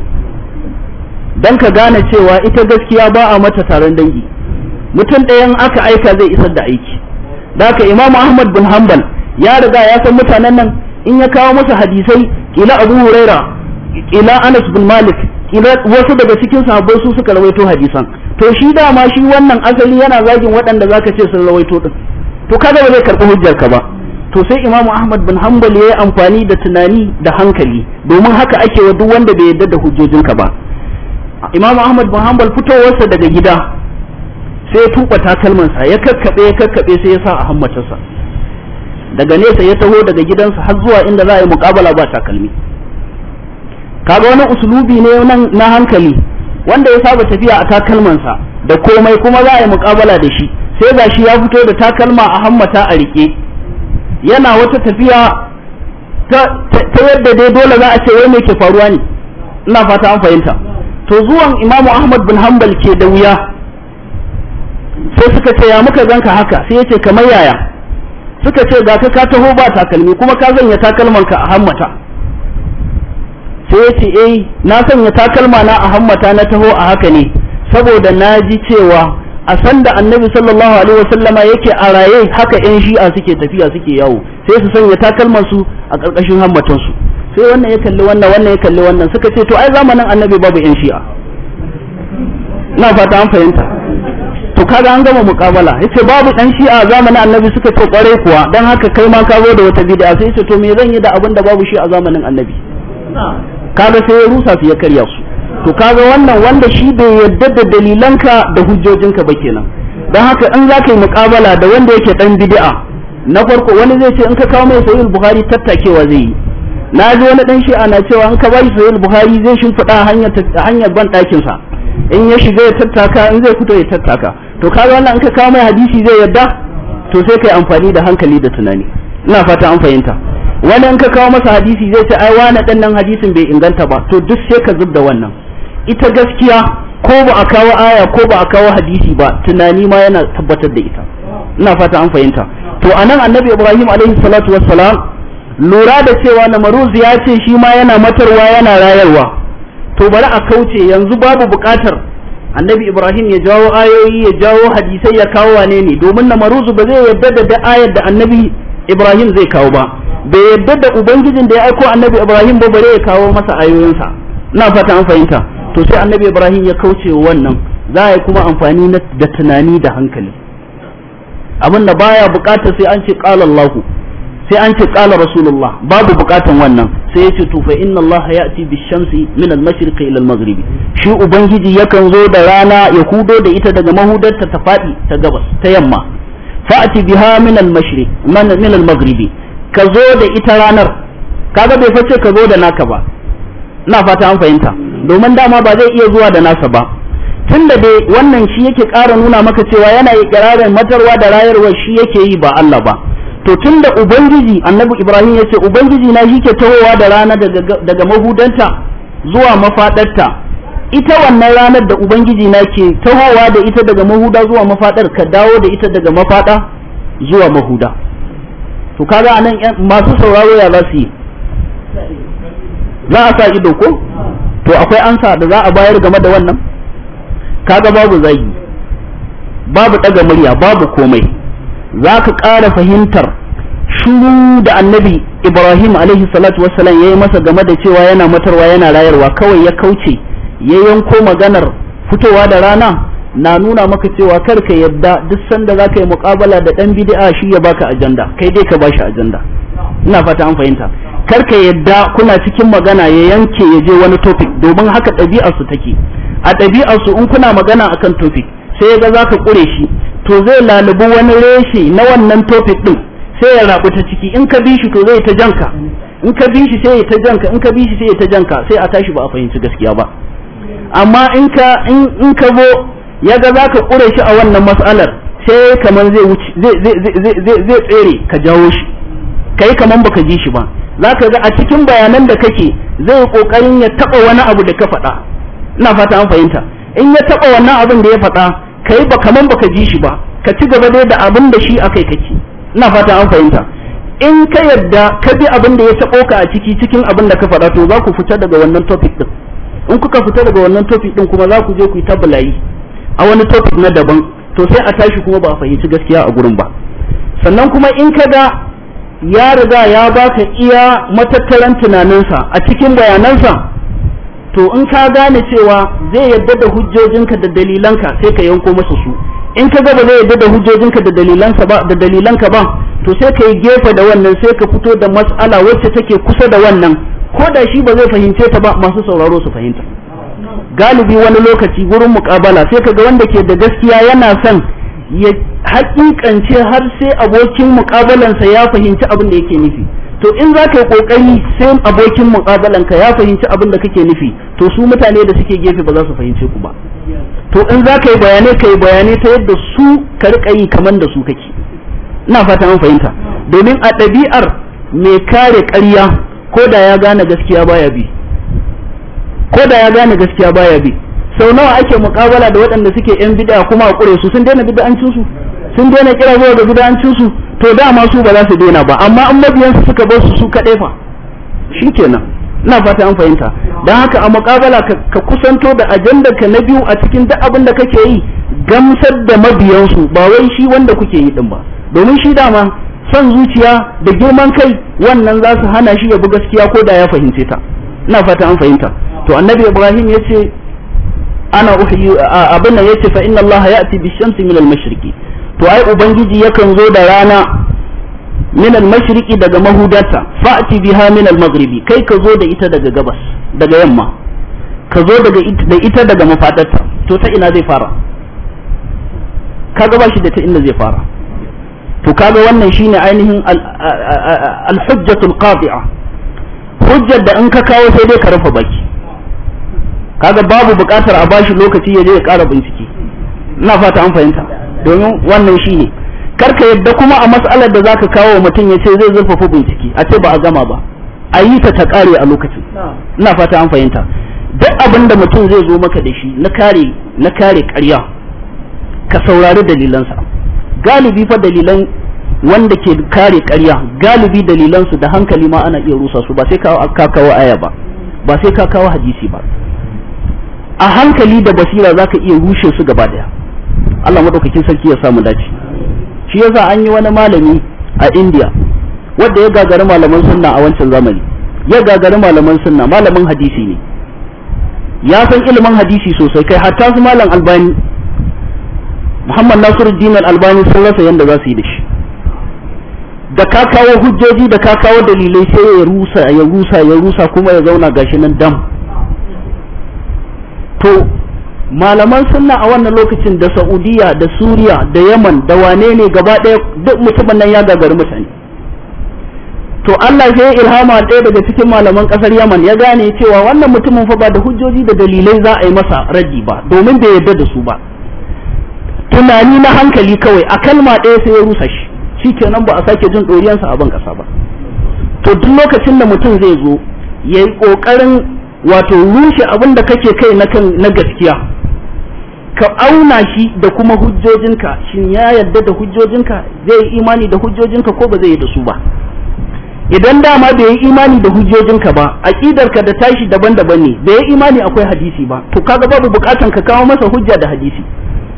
dan ka gane cewa ita gaskiya ba a mata taron dangi mutum ɗayan aka aika zai isar da aiki daka imam ahmad bin hanbal ya riga ya san mutanen nan in ya kawo masa hadisai ila abu huraira kila anas bin malik ila wasu daga cikin sahabbai su suka rawaito hadisan to shi dama shi wannan asali yana zagin waɗanda zaka ce sun rawaito din to kaga ba zai karɓi hujjar ka ba to sai imam ahmad bin hanbal ya yi amfani da tunani da hankali domin haka ake wa duk wanda bai yarda da hujjojinka ba imam ahmad bin hanbal fitowarsa daga gida sai ya tuba takalmansa ya kakkabe ya kakkabe sai ya sa a hammatarsa daga nesa ya taho daga gidansa har zuwa inda za a yi muƙabala ba takalmi kaga wani usulubi ne na hankali wanda ya saba tafiya a takalmansa da komai kuma za a yi mukabala da shi sai ga shi ya fito da takalma a hammata a rike yana wata tafiya ta yadda dai dole za a ce wai me ke faruwa ne ina fata an fahimta to zuwan imamu ahmad bin hambal ke da wuya sai suka ce ya muka ganka haka sai yace kamar yaya suka ce ga ka ka taho ba takalmi kuma ka zanya takalman ka a hammata sai yace eh na sanya takalma na a hammata na taho a haka ne saboda na ji cewa a sanda annabi sallallahu alaihi wasallama yake a raye haka yan shi'a suke tafiya suke yawo sai su sanya takalman su a ƙarƙashin hammatan su sai wannan ya kalli wannan wannan ya kalli wannan suka ce to ai zamanin annabi babu yan shi'a na fata an fahimta to kaga an gama mukabala yace babu dan shi'a zamanin annabi suka ce kware kuwa dan haka kai ma ka zo da wata bid'a sai yace to me zan yi da abin da babu shi a zamanin annabi kaga sai ya rusa su ya karya su to kaga wannan wanda shi bai yadda da dalilanka da hujjojinka ba kenan dan haka in za ka yi mukabala da wanda yake dan bid'a na farko wani zai ce in ka kawo mai sahih bukhari tattakewa zai yi na ji wani dan shi'a na cewa in ka bashi sahih bukhari zai shimfiɗa hanyar hanyar ban sa in ya shiga ya tattaka in zai fito ya tattaka to kaga wannan in ka kawo mai hadisi zai yadda to sai kai amfani da hankali da tunani ina fata an fahimta wani in ka kawo masa hadisi zai ce ai wani dan nan hadisin bai inganta ba to duk sai ka zubda wannan ita gaskiya ko ba a kawo aya ko ba a kawo hadisi ba tunani ma yana tabbatar da ita ina fata an fahimta to anan annabi ibrahim alaihi salatu wassalam lura da cewa na Maruzi ya ce shi ma yana matarwa yana rayarwa to bari a kauce yanzu babu buƙatar annabi ibrahim ya jawo ayoyi ya jawo hadisai ya kawo wane ne domin na maruzu ba zai yarda da ayar da annabi ibrahim zai kawo ba bai yarda da ubangijin da ya aiko annabi ibrahim ba bare ya kawo masa ayoyinsa na fata an fahimta to sai annabi ibrahim ya kauce wannan za a yi kuma amfani da tunani da hankali abin da baya bukatar sai an ce qala Allahu sai an ce kala rasulullah babu bukatan wannan sai yace to fa inna allah ya'ti bishamsi min al-mashriq ila al-maghrib shi ubangiji yakan zo da rana ya kudo da ita daga mahudarta ta fadi ta gabas ta yamma fa'ati biha min al-mashriq min al-maghrib ka zo da ita ranar kaga bai fice ka zo da naka ba ina fata an fahimta domin dama ba zai iya zuwa da nasa ba tunda dai wannan shi yake ƙara nuna maka cewa yana ikirarin matarwa da rayarwa shi yake yi ba Allah ba to tunda ubangiji annabi ibrahim ya ce ubangiji na shi ke tahowa da rana daga mahudanta zuwa mafadarta ita wannan ranar da ubangiji na ke tahowa da ita daga mahuda zuwa mafadar ka dawo da ita daga mafada zuwa mahuda to kaga anan masu sauraro ya za su yi za a sa ido ko to akwai ansa da za a bayar game da wannan kaga babu zagi babu daga murya babu komai za ka ƙara fahimtar shuru da annabi ibrahim alaihi salatu salam ya yi masa game da cewa yana matarwa yana rayarwa kawai ya kauce ya yanko maganar fitowa da rana na nuna maka cewa kar ka yadda duk sanda za ka yi muƙabala da ɗan bid'a shi ya baka ajanda kai dai ka bashi ajanda ina fata an fahimta kar ka yadda kuna cikin magana ya yanke ya je wani topic domin haka ɗabi'arsu take a ɗabi'arsu in kuna magana akan topic sai ga za ka ƙure shi to zai lalubi wani reshe na wannan topic ɗin sai ya rabu ta ciki in ka bi shi to zai ta janka in ka bi shi sai ya ta janka in ka bi shi sai ya ta janka sai a tashi ba a fahimci gaskiya ba amma in ka in ka zo ya ga za ka ƙure shi a wannan matsalar sai kamar zai wuce zai tsere ka jawo shi kai kamar baka ji shi ba za ka ga a cikin bayanan da kake zai yi ƙoƙarin ya taɓa wani abu da ka faɗa ina fata an fahimta in ya taɓa wannan abin da ya faɗa kai ba kaman baka ji shi ba ka ci gaba dai da abin da shi akai kake ina fata an fahimta in ka yarda ka bi abin da ya sako ka a ciki cikin abin da ka faɗa to za ku fita daga wannan topic din in kuka fita daga wannan topic din kuma za ku je ku yi tabulayi a wani topic na daban to sai a tashi kuma ba a fahimci gaskiya a gurin ba sannan kuma in ka ga ya riga ya baka iya matattaran tunaninsa a cikin bayanansa to in ka gane cewa zai yadda da hujjojinka da dalilanka sai ka yanko masa su in ka ga ba zai yadda da hujjojinka da dalilanka ba da dalilanka ba to sai ka yi gefe da wannan sai ka fito da mas'ala wacce take kusa da wannan ko da shi ba zai fahimce ta ba masu sauraro su fahimta galibi wani lokaci gurin muƙabala sai ka ga wanda ke da gaskiya yana son ya haƙiƙance har sai abokin muƙabalansa ya fahimci abin da yake nufi to in za ka yi kokari sai abokin muƙabalanka ya fahimci abin da kake nufi to su mutane da suke gefe ba za su fahimce ku ba to in za ka yi bayanai ka yi bayanai ta yadda su ka riƙa yi kamar da su kake ina fata an fahimta domin a ɗabi'ar mai kare ƙarya ko da ya gane gaskiya baya bi ko da ya gane gaskiya baya bi sau nawa ake muƙabala da waɗanda suke yan bid'a kuma a ƙure su sun daina bid'ancin su sun daina kira zuwa ga bid'ancin su to dama su ba za su daina ba amma an mabiyansu suka bar su su kaɗai fa shi kenan ina fata an fahimta don haka a muƙabala ka kusanto da ajandar ka na biyu a cikin duk abin da kake yi gamsar da mabiyansu ba wai shi wanda kuke yi din ba domin shi dama son zuciya da girman kai wannan za su hana shi ya bi gaskiya ko da ya fahimce ta ina fata an fahimta to annabi ibrahim ya ce ana abin nan ya ce fa inna allaha ya'ti bi shamsi min al-mashriqi to ai ubangiji yakan zo da rana min al-mashriqi daga mahudata fa'ti biha min al-maghribi kai ka zo da ita daga gabas daga yamma ka zo daga da ita daga mafadarta to ta ina zai fara ka ga shi da ta inda zai fara to kaga wannan shine ainihin al al qati'a hujjar da in ka kawo sai dai ka rufe baki kaga babu bukatar a bashi lokaci ya je ya kara bincike ina fata an fahimta domin wannan shi ne karka yadda kuma a matsalar da za ka kawo mutum ya ce zai zurfafa bincike a ce ba a gama ba a yi ta ta kare a lokacin ina fata an fahimta duk abin da mutum zai zo maka da shi na kare na ka saurari dalilansa galibi fa dalilan wanda ke kare ƙarya galibi dalilansu da hankali ma ana iya rusa su ba sai ka kawo aya ba ba sai ka kawo hadisi ba a hankali da basira za ka iya rushe su gaba daya Allah madaukakin sarki ya samu dace shi yasa an yi wani malami a India wanda ya gagari malaman sunna a wancan zamani ya gagari malaman sunna malamin hadisi ne ya san ilimin hadisi sosai kai hatta su malam albani Muhammad Nasiruddin al-Albani sun rasa yanda za su yi da shi da ka kawo hujjoji da ka kawo dalilai sai ya rusa ya rusa ya rusa kuma ya zauna gashi nan dam to malaman sunna a wannan lokacin da saudiya da suriya da yaman da wane ne gaba ɗaya duk mutumin nan ya gagari mutane to allah sai ya ilhama ɗaya daga cikin malaman ƙasar yaman ya gane cewa wannan mutumin fa ba da hujjoji da dalilai za a yi masa raddi ba domin bai yarda da su ba tunani na hankali kawai a kalma ɗaya sai ya rusa shi shikenan ba a sake jin ɗoriyansa a ban ƙasa ba to duk lokacin da mutum zai zo ya yi ƙoƙarin wato rushe abin da kake kai na gaskiya ka auna shi da kuma hujjojinka shin ya yadda da hujjojinka zai yi imani da hujjojinka ko ba zai yi da su ba idan dama bai yi imani da hujjojinka ba aqidarka da tashi daban-daban ne bai yi imani akwai hadisi ba to kaga babu bukatan ka kawo masa hujja da hadisi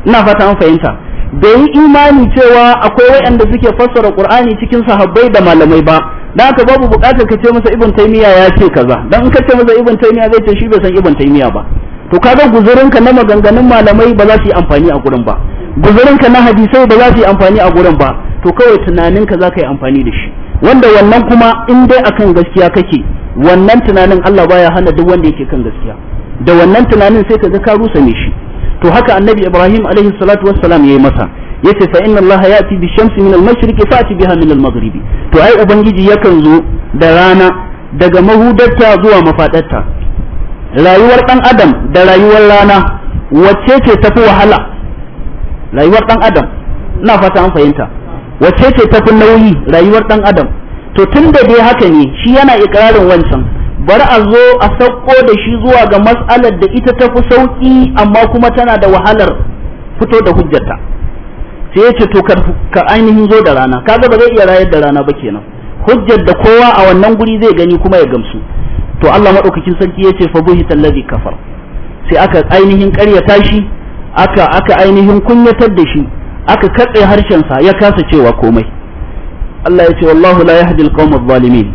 ina fata an fahimta bai yi imani cewa akwai waɗanda suke fassara qur'ani cikin sahabbai da malamai ba dan haka babu bukatar ka ce masa ibn taymiya ya ce kaza dan in ka ce masa ibn taymiya zai ce shi bai san ibn taymiya ba to kaga guzurinka na maganganun malamai ba za su yi amfani a gurin ba guzurinka na hadisai ba za su yi amfani a gurin ba to kawai tunaninka za ka yi amfani da shi wanda wannan kuma in dai akan gaskiya kake wannan tunanin Allah baya hana duk wanda yake kan gaskiya da wannan tunanin sai kaga ka rusa ne shi to haka annabi Ibrahim alaihi salatu wassalam yayi masa yace fa inna allaha ya'ti bi shamsi min al-mashriqi fa'ti biha min al-maghribi to ai ubangiji yakan zo da rana daga mahudarta zuwa mafadarta rayuwar ɗan adam da rayuwar rana wacce ce tafi wahala rayuwar ɗan adam ina fata an fahimta wacce ce tafi nauyi rayuwar ɗan adam to tun da dai haka ne shi yana ikirarin wancan bari a zo a sauko da shi zuwa ga mas'alar da ita tafi sauki amma kuma tana da wahalar fito da hujjarta sai ya ce to ka ainihin zo da rana kaga ba zai iya rayar da rana ba kenan hujjar da kowa a wannan guri zai gani kuma ya gamsu to Allah madaukakin sarki ya fa buhita allazi kafar sai aka ainihin ƙaryata shi aka aka ainihin kunyatar da shi aka katse harshen sa ya kasa cewa komai Allah yace wallahu la yahdi alqawma adh-dhalimin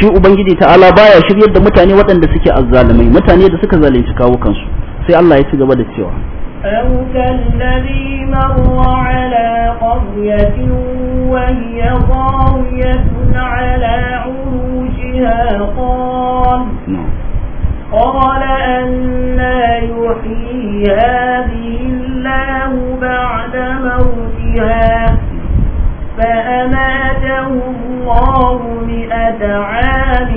shi ubangiji ta'ala baya shiryar da mutane waɗanda suke azzalumai mutane da suka zalunci kawo kansu sai Allah ya ci gaba da cewa أو كالذي مر على قرية وهي خاوية على عروش بها قال نعم. قال أنا يحيي هذه الله بعد موتها فأماته الله مئة عام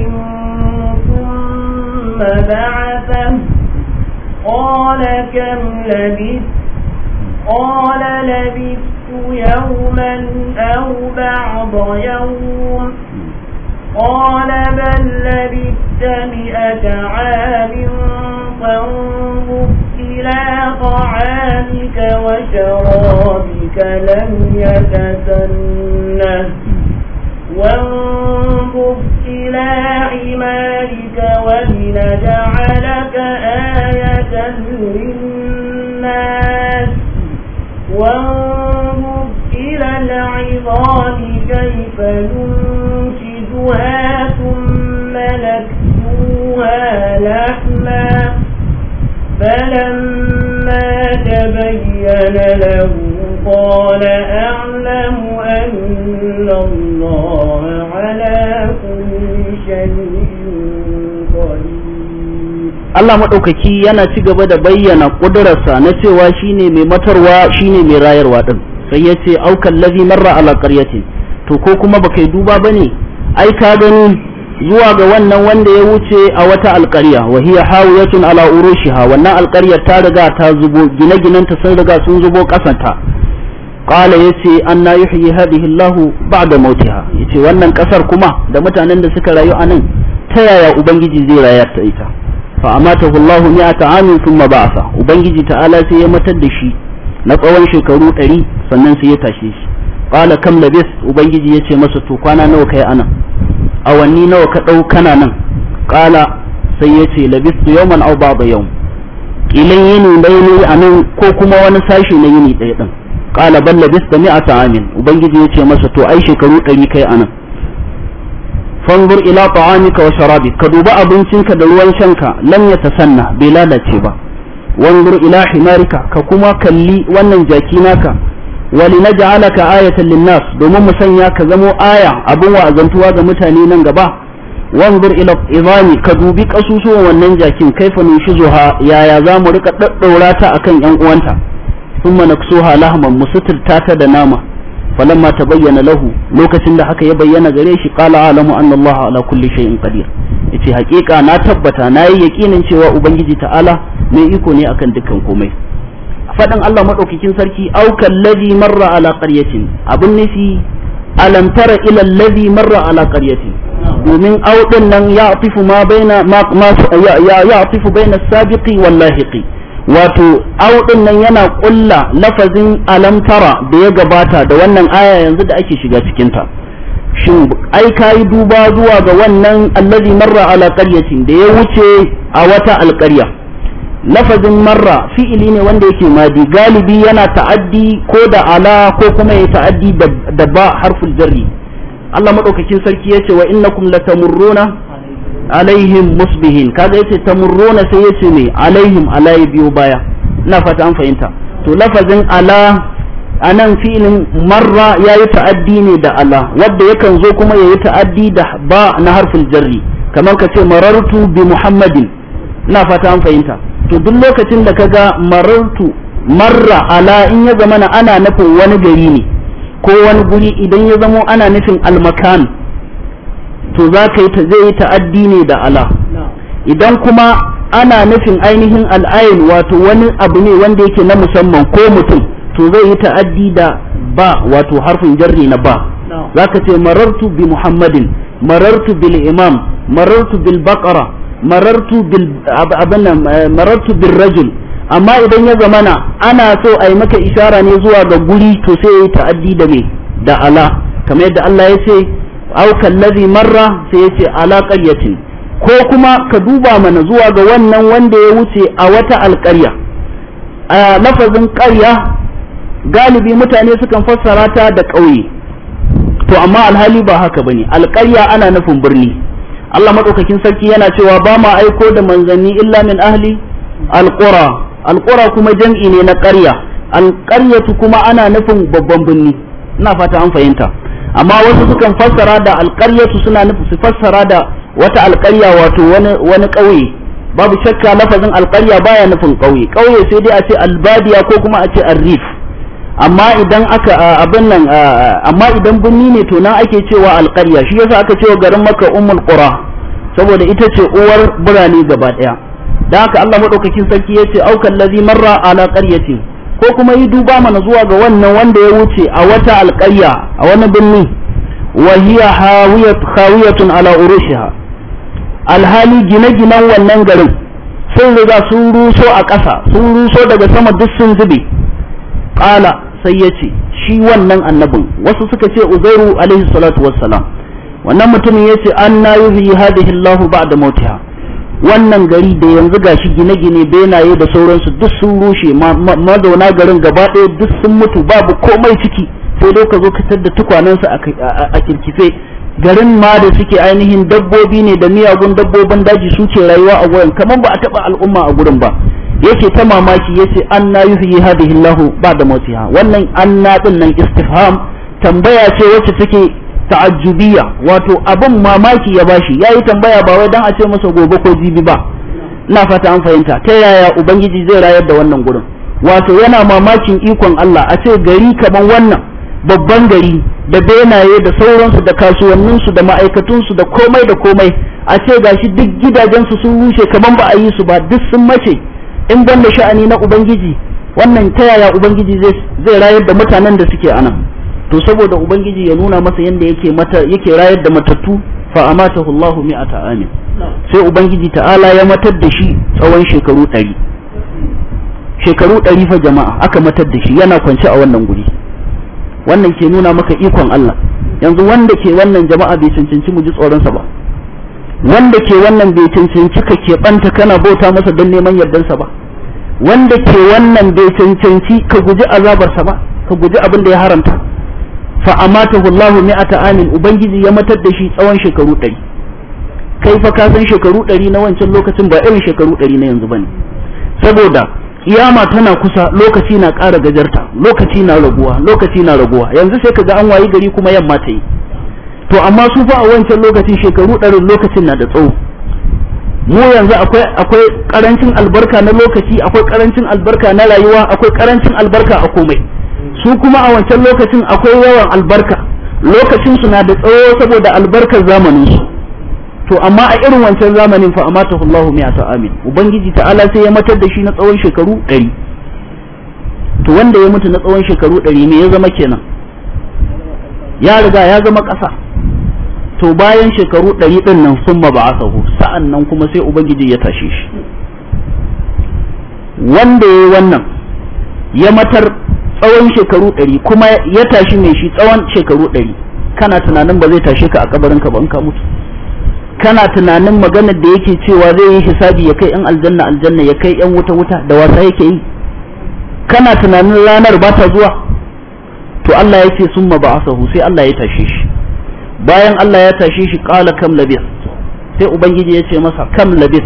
ثم بعثه قال كم لبثت قال لبثت يوما أو بعض يوم قال بل لبثت مئة عام فانظر إلى طعامك وشرابك لم يتسنه وانظر إلى عمالك ولنجعلك آية للناس وانظر إلى العظام كيف ننظر فكلتموها ثم لكتموها لحما فلما تبين له قال أعلم أن الله على كل شيء Allah maɗaukaki yana ci gaba da bayyana ƙudurarsa na cewa ne mai matarwa shine mai rayarwa ɗin sai ya ce aukan lazi marra ala ƙaryatin to ko kuma baka yi duba bane ai ka gani zuwa ga wannan wanda ya wuce a wata alƙarya wa hiya hawiyatun ala urushiha wannan alƙaryar ta riga ta zubo gine-ginenta sun riga sun zubo ƙasanta qala yace anna yuhyi hadhihi Allahu ba'da mautiha yace wannan kasar kuma da mutanen da suka rayu anan ta yaya ubangiji zai rayar ta ita fa amatahu Allahu mi'ata amin thumma ba'atha ubangiji ta'ala sai ya matar da shi na tsawon shekaru 100 sannan sai ya tashe shi qala kam labis ubangiji yace masa to kwana nawa kai anan awanni nawa ka dau kana nan qala sai yace labistu yawman aw ba'da yawm ilan yini dai ne anan ko kuma wani sashi na yini ɗaya din qala bal labista mi'ata amin ubangiji yace masa to ai shekaru dari kai anan fanzur ila ta'amika wa sharabi ka duba abincinka da ruwan shanka lam yatasanna bai lalace ba wanzur ila himarika ka kuma kalli wannan jaki naka wali na ka ayatan linnas domin mu sanya ka zamo aya abin wa'azantuwa ga mutane nan gaba wanzur ila izami ka dubi kasusuwan wannan jakin kaifa nushizuha yaya za mu rika daddaura ta akan yan uwanta thumma naksuha lahman musutirta ta da nama ta bayyana lahu lokacin da haka ya bayyana gare shi qala alamu anna allaha ala kulli shay'in qadir yace haƙiƙa na tabbata na yi yakinin cewa ubangiji ta'ala mai iko ne akan dukkan komai faɗin Allah maɗaukakin sarki aukan ladhi marra ala qaryatin abin nufi alam ila alladhi marra ala qaryatin domin auɗin nan ya atifu ma baina ma ya ya atifu baina sabiqi wal lahiqi wato auɗin nan yana ƙulla lafazin alantara da ya gabata da wannan aya yanzu da ake shiga cikin ta shin ai kayi duba zuwa ga wannan alladhi marra ala qaryatin da ya wuce a wata alƙarya. lafazin marra fi'ili ne wanda yake madi galibi yana ta'addi ko da ala ko kuma ya ta'addi da ba harful jarri Allah madaukakin sarki yace wa innakum latamurruna alaihim musbihin kaga yace tamurruna sai yace ne alaihim alai biyo baya ina fata an fahimta to lafazin ala anan fi'ilin marra yayi ta'addi ne da ala wanda yakan zo kuma yayi ta'addi da ba na harful jarri kamar ka ce marartu bi muhammadin ina fata an fahimta to duk lokacin da kaga marartu marra ala in ya zama na ana nufin wani gari ne ko wani guri idan ya zamo ana nufin almakan to za ka yi zai yi ta'addi ne da ala idan kuma ana nufin ainihin al'ayin wato wani abu ne wanda yake na musamman ko mutum to zai yi ta'addi da ba wato harfin jarri na ba za ka ce marartu bi muhammadin marartu bil imam marartu bil baqara marartu bil abana eh, marartu bil rajul amma idan ya zamana ana so a yi maka ishara ne zuwa ga guri to sai ya ta'addi da me da ala kamar yadda Allah ya ce au kallazi marra sai ya ce ala qaryatin ko kuma ka duba mana zuwa ga wannan wanda ya wuce a wata alƙarya a lafazin ƙarya galibi mutane sukan fassara ta da ƙauye to amma alhali ba haka bane alƙarya ana nufin birni Allah madaukakin sarki yana cewa ba ma aiko da manzanni illa min ahli alqura alqura kuma jam'i ne na ƙarya alƙaryatu kuma ana nufin babban birni ina fata an fahimta amma wasu sukan fassara da alƙaryatu suna nufin su fassara da wata alƙarya wato wani wani ƙauye babu shakka lafazin alƙarya baya nufin ƙauye ƙauye sai dai a ce albadiya ko kuma a ce arrif amma idan aka abin nan amma idan birni ne to nan ake cewa alƙarya shi yasa aka cewa garin maka ummul qura saboda ita ce uwar birane gaba daya da haka Allah madaukakin sarki yace aukan ladhi marra ala qaryati ko kuma yi duba mana zuwa ga wannan wanda ya wuce a wata alƙarya a wani birni wa hiya hawiyat khawiyatun ala urushiha alhali gine-ginen wannan garin sun riga sun ruso a ƙasa sun ruso daga sama duk sun zube qala sai ya ce shi wannan annabin wasu suka ce uzairu alaihi salatu wassalam wannan mutumin ya ce an na yuhi hadihi Allah ba'da mautiha wannan gari da yanzu gashi gine-gine benaye da sauransu duk sun rushe mazauna garin gaba ɗaya duk sun mutu babu komai ciki sai dai ka zo ka da tukwanensa a kirkife garin ma da suke ainihin dabbobi ne da miyagun dabbobin daji suke rayuwa a wurin kamar ba a taɓa al'umma a gurin ba yake ta mamaki yace anna yuhyi hadihi Allah ba'da mautiha wannan anna din nan istifham tambaya ce wacce take ta'ajjubiyya wato abin mamaki ya bashi yayi tambaya ba wai dan a ce masa gobe ko jibi ba na fata an fahimta ta yaya ubangiji zai rayar da wannan gurin wato yana mamakin ikon Allah a ce gari kaman wannan babban gari da benaye da sauransu da kasuwanninsu da ma'aikatunsu da komai da komai a ce gashi duk gidajensu sun rushe kaman ba a yi su ba duk sun mace in ban da sha'ani na ubangiji wannan ta yaya ubangiji zai rayar da mutanen da suke anan to saboda ubangiji ya nuna masa yanda yake mata yake rayar da matattu fa amatahu Allahu mi'ata amin sai ubangiji ta'ala ya matar da shi tsawon shekaru 100 shekaru 100 fa jama'a aka matar da shi yana kwance a wannan guri wannan ke nuna maka ikon Allah yanzu wanda ke wannan jama'a bai cancanci mu ji tsoron sa ba wanda ke wannan bai cancanci ka keɓanta kana bauta masa don neman yardansa ba wanda ke wannan bai cancanci ka guji azabarsa ba ka guji abin da ya haramta fa hullahu a ta amin ubangiji ya matar da shi tsawon shekaru ɗari kai fa kasan shekaru ɗari na wancan lokacin ba irin shekaru ɗari na yanzu bane saboda kiyama tana kusa lokaci na ƙara gajarta lokaci na raguwa lokaci na raguwa yanzu sai ka ga an wayi gari kuma yamma ta yi to amma su fa a wancan lokaci shekaru ɗarin lokacin na da tsawo mu yanzu akwai akwai karancin albarka na lokaci akwai karancin albarka na rayuwa akwai karancin albarka a komai su kuma a wancan lokacin akwai yawan albarka lokacin su na da tsawo saboda albarkar zamanin su to amma a irin wancan zamanin fa amatahu Allahu mi'ata amin ubangiji ta'ala sai ya matar da shi na tsawon shekaru 100 to wanda ya mutu na tsawon shekaru 100 me ya zama kenan ya riga ya zama ƙasa to bayan shekaru ɗari ɗin nan sun ba sahu, sa'an nan kuma sai ubangiji ya tashe shi wanda ya wannan ya matar tsawon shekaru ɗari kuma ya tashi mai shi tsawon shekaru ɗari kana tunanin ba zai tashe ka a kabarin ka ba in ka mutu kana tunanin maganar da yake cewa zai yi hisabi ya kai yan aljanna aljanna ya kai yan wuta wuta da wasa yake yi kana tunanin ranar ba ta zuwa to Allah ya ce summa sahu sai Allah ya tashe shi bayan Allah ya tashe shi kala kam labis sai ubangiji ya ce masa kam labis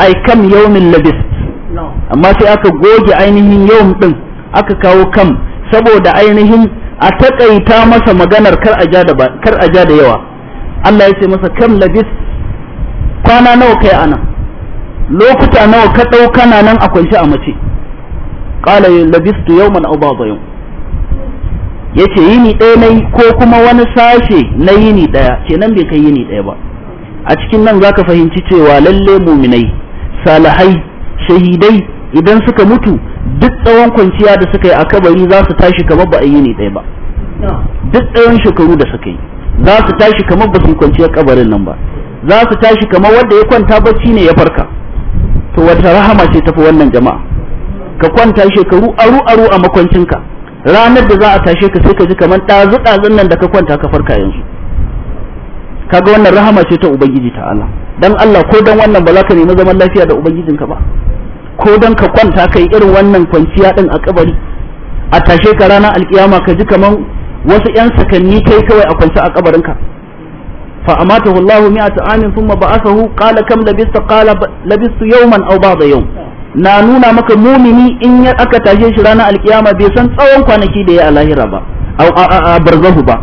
ai kam yawmin labis amma sai aka goge ainihin yawm din aka kawo kam saboda ainihin a takaita masa maganar kar a ja da kar a da yawa Allah ya ce masa kam labis kwana nawa kai anan lokuta nawa ka dauka nan a kwance a mace qala labistu yawman aw ba'd yace yini ɗaya nayi ko kuma wani sashe na yini ɗaya kenan bai kai yini ɗaya ba a cikin nan zaka fahimci cewa lalle muminai salahai shahidai idan suka mutu duk tsawon kwanciya da suka yi a kabari za su tashi kamar ba a yini ɗaya ba duk tsawon shekaru da suka yi za su tashi kamar ba su a kabarin nan ba za su tashi kamar wanda ya kwanta bacci ne ya farka to wata rahama ce tafi wannan jama'a ka kwanta shekaru aru aru a makwancinka ranar da za a tashe ka sai ka ji kamar ɗazu ɗazun nan da ka kwanta ka farka yanzu kaga wannan rahama ce ta ubangiji ta'ala dan Allah ko dan wannan ba za ka nemi zaman lafiya da ubangijinka ba ko dan ka kwanta kai irin wannan kwanciya din a kabari a tashe ka ranar alkiyama ka ji kaman wasu yan sakanni kai kawai a kwance a kabarinka fa amatahu Allahu mi'ata amin thumma ba'athahu qala kam labista qala labistu yawman aw ba'da yawm na nuna maka mumini in ya aka tashe shi ranar alkiyama bai san tsawon kwanaki da ya a lahira ba a barzahu ba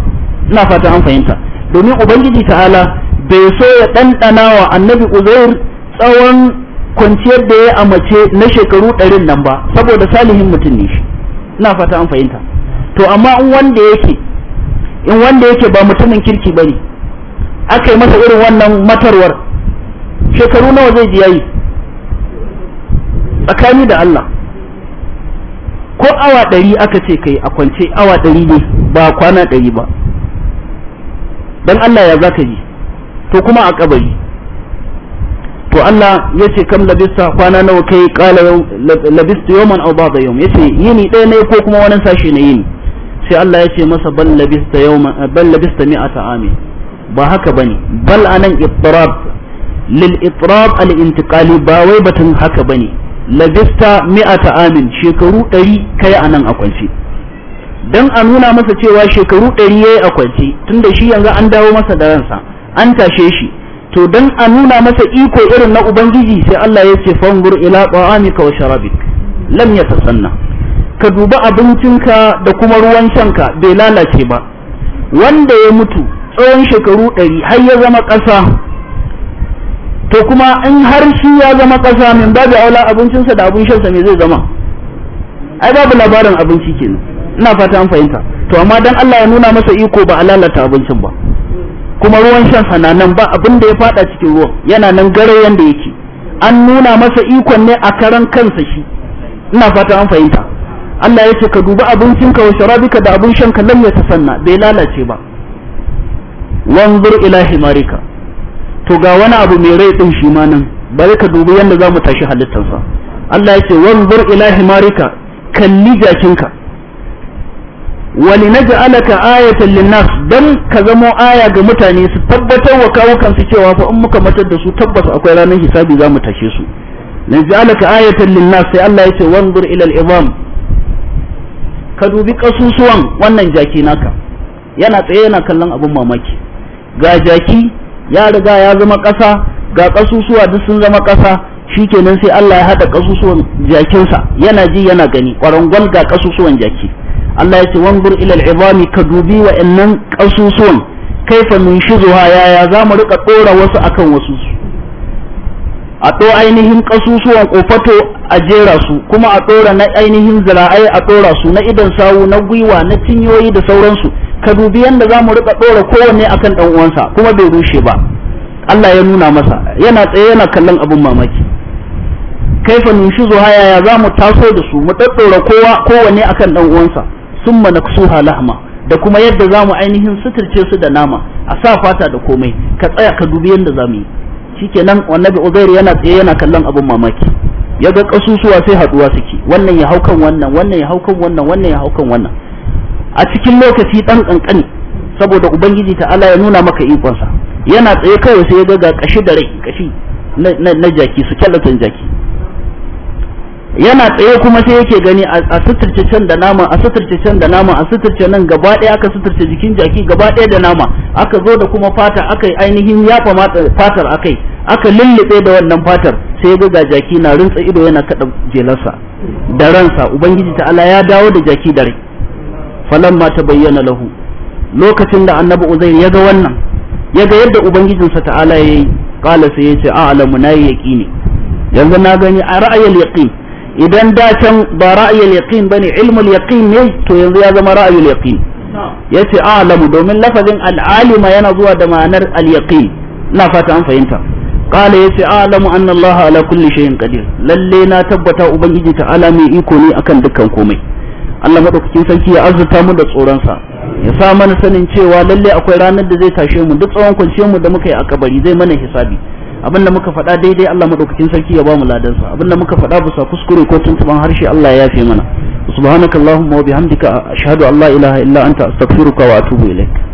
ina fata an fahimta domin ubangiji ta'ala bai so ya ɗanɗana wa annabi uzair tsawon kwanciyar da ya mace na shekaru ɗarin nan ba saboda salihin mutum ne shi ina fata an fahimta to amma in wanda yake in wanda yake ba mutumin kirki ba ne aka yi masa irin wannan matarwar shekaru nawa zai ji yayi tsakani da Allah ko awa ɗari aka ce kai a kwance awa ɗari ne ba kwana ɗari ba don Allah ya zaka yi to kuma a kabari to Allah ya ce kam labista kwana nawa kai kala labista yawman aw ba'da yawm yace yini ɗaya ne ko kuma wani sashi na yini sai Allah ya ce masa bal labista yawman bal labista mi'ata ami ba haka bane bal anan ittirab lil ittirab al intiqali ba wai batun haka bane labista mi'ata amin shekaru ɗari kai a nan a kwance don a nuna masa cewa shekaru ɗari ya yi a kwance tunda shi yanzu an dawo masa da ransa an tashe shi to don a nuna masa iko irin na ubangiji sai Allah ya ce fangur ila ta'amika wa sharabik lam yatasanna ka duba abincinka da kuma ruwan shanka bai lalace ba wanda ya mutu tsawon shekaru ɗari har ya zama ƙasa to kuma in har shi ya zama ƙasa min babu aula abincinsa da abin shansa me zai zama ai babu labarin abinci kenan ina fata an fahimta to amma dan Allah ya nuna masa iko ba a lalata abincin ba kuma ruwan shan sananan ba abin da ya fada cikin ruwan yana nan gare yanda yake an nuna masa ikon ne a karan kansa shi ina fata an fahimta Allah ya ce ka dubi abincinka wa sharabika da abin shanka lam ya tasanna bai lalace ba wanzur ila himarika to ga wani abu mai rai din shi ma nan bari ka dubi yadda za mu tashi halittarsa Allah ya ce wanzur ila himarika kalli jakinka wali naj'alaka ayatan linnas dan ka zamo aya ga mutane su tabbatar wa kawo su cewa fa in muka matar da su tabbas akwai ranar hisabi za mu tashe su naj'alaka ayatan linnas sai Allah ya ce wanzur ila al-idham ka dubi kasusuwan wannan jaki naka yana tsaye yana kallon abin mamaki ga jaki ya riga ya zama ƙasa ga ƙasusuwa duk sun zama ƙasa shi kenan sai Allah ya haɗa ƙasusuwan jakinsa yana ji yana gani ƙwarangon ga ƙasusuwan jaki Allah ya ce wanzur ila al'izami ka dubi wa'annan ƙasusuwan kaifa mun shizuha yaya za mu rika ɗora wasu akan wasu a ɗo ainihin ƙasusuwan ƙofato a jera su kuma a ɗora na ainihin zira'ai a ɗora su na idan sawu na gwiwa na cinyoyi da sauransu ka dubi yadda za mu riƙa ɗora kowanne akan kan ɗan'uwansa kuma bai rushe ba Allah ya nuna masa yana tsaye yana kallon abin mamaki kaifa nushi zuwa yaya za mu taso da su mu ɗaɗɗora kowa kowanne akan sun ma na naksuha lahma da kuma yadda za mu ainihin suturce su da nama a sa fata da komai ka tsaya ka dubi yadda za mu yi shikenan annabi uzair yana tsaye yana kallon abin mamaki ya ga ƙasusuwa sai haɗuwa suke wannan ya haukan wannan wannan ya haukan wannan wannan ya haukan wannan a cikin lokaci dan kankani saboda ubangiji ta'ala ya nuna maka ikonsa yana tsaye kawai sai ya ga kashi da rai kashi na jaki su kyalatan jaki yana tsaye kuma sai yake gani a suturce can da nama a suturce can da nama a suturce nan gaba ɗaya aka suturce jikin jaki gaba ɗaya da nama aka zo da kuma fata aka yi ainihin yafa eh, fatar akai aka lullube da wannan fatar sai ga ga jaki na rintsa ido yana kaɗa jelarsa da ransa ubangiji ta'ala ya dawo da jaki da rai falan ta bayyana lahu lokacin da annabi uzair ya ga wannan ya ga yadda ubangijinsa ta'ala ya yi kala sai ya ce a'lamu na yi yaqini yanzu na gani a ra'ayin yaqin idan da can ba ra'ayil ba ne ilmul yaqin ne to yanzu ya zama ya yaqin yace a'lamu domin lafazin al'alima yana zuwa da ma'anar al-yaqin ina fata an fahimta kala ce yace a'lamu anna allaha ala kulli shay'in qadir lalle na tabbata ubangiji ta'ala mai iko ne akan dukkan komai Allah madaukakin sarki ya azurta mu da tsoronsa ya sa mana sanin cewa lalle akwai ranar da zai tashe mu duk tsawon kwanciyar mu da muka yi a kabari zai mana hisabi abin da muka faɗa daidai Allah madaukakin sarki ya ba mu ladansa abin da muka faɗa bisa kuskure ko tuntuban harshe Allah ya yafe mana subhanakallahumma wa bihamdika ashhadu an la ilaha illa anta astaghfiruka wa atubu ilaik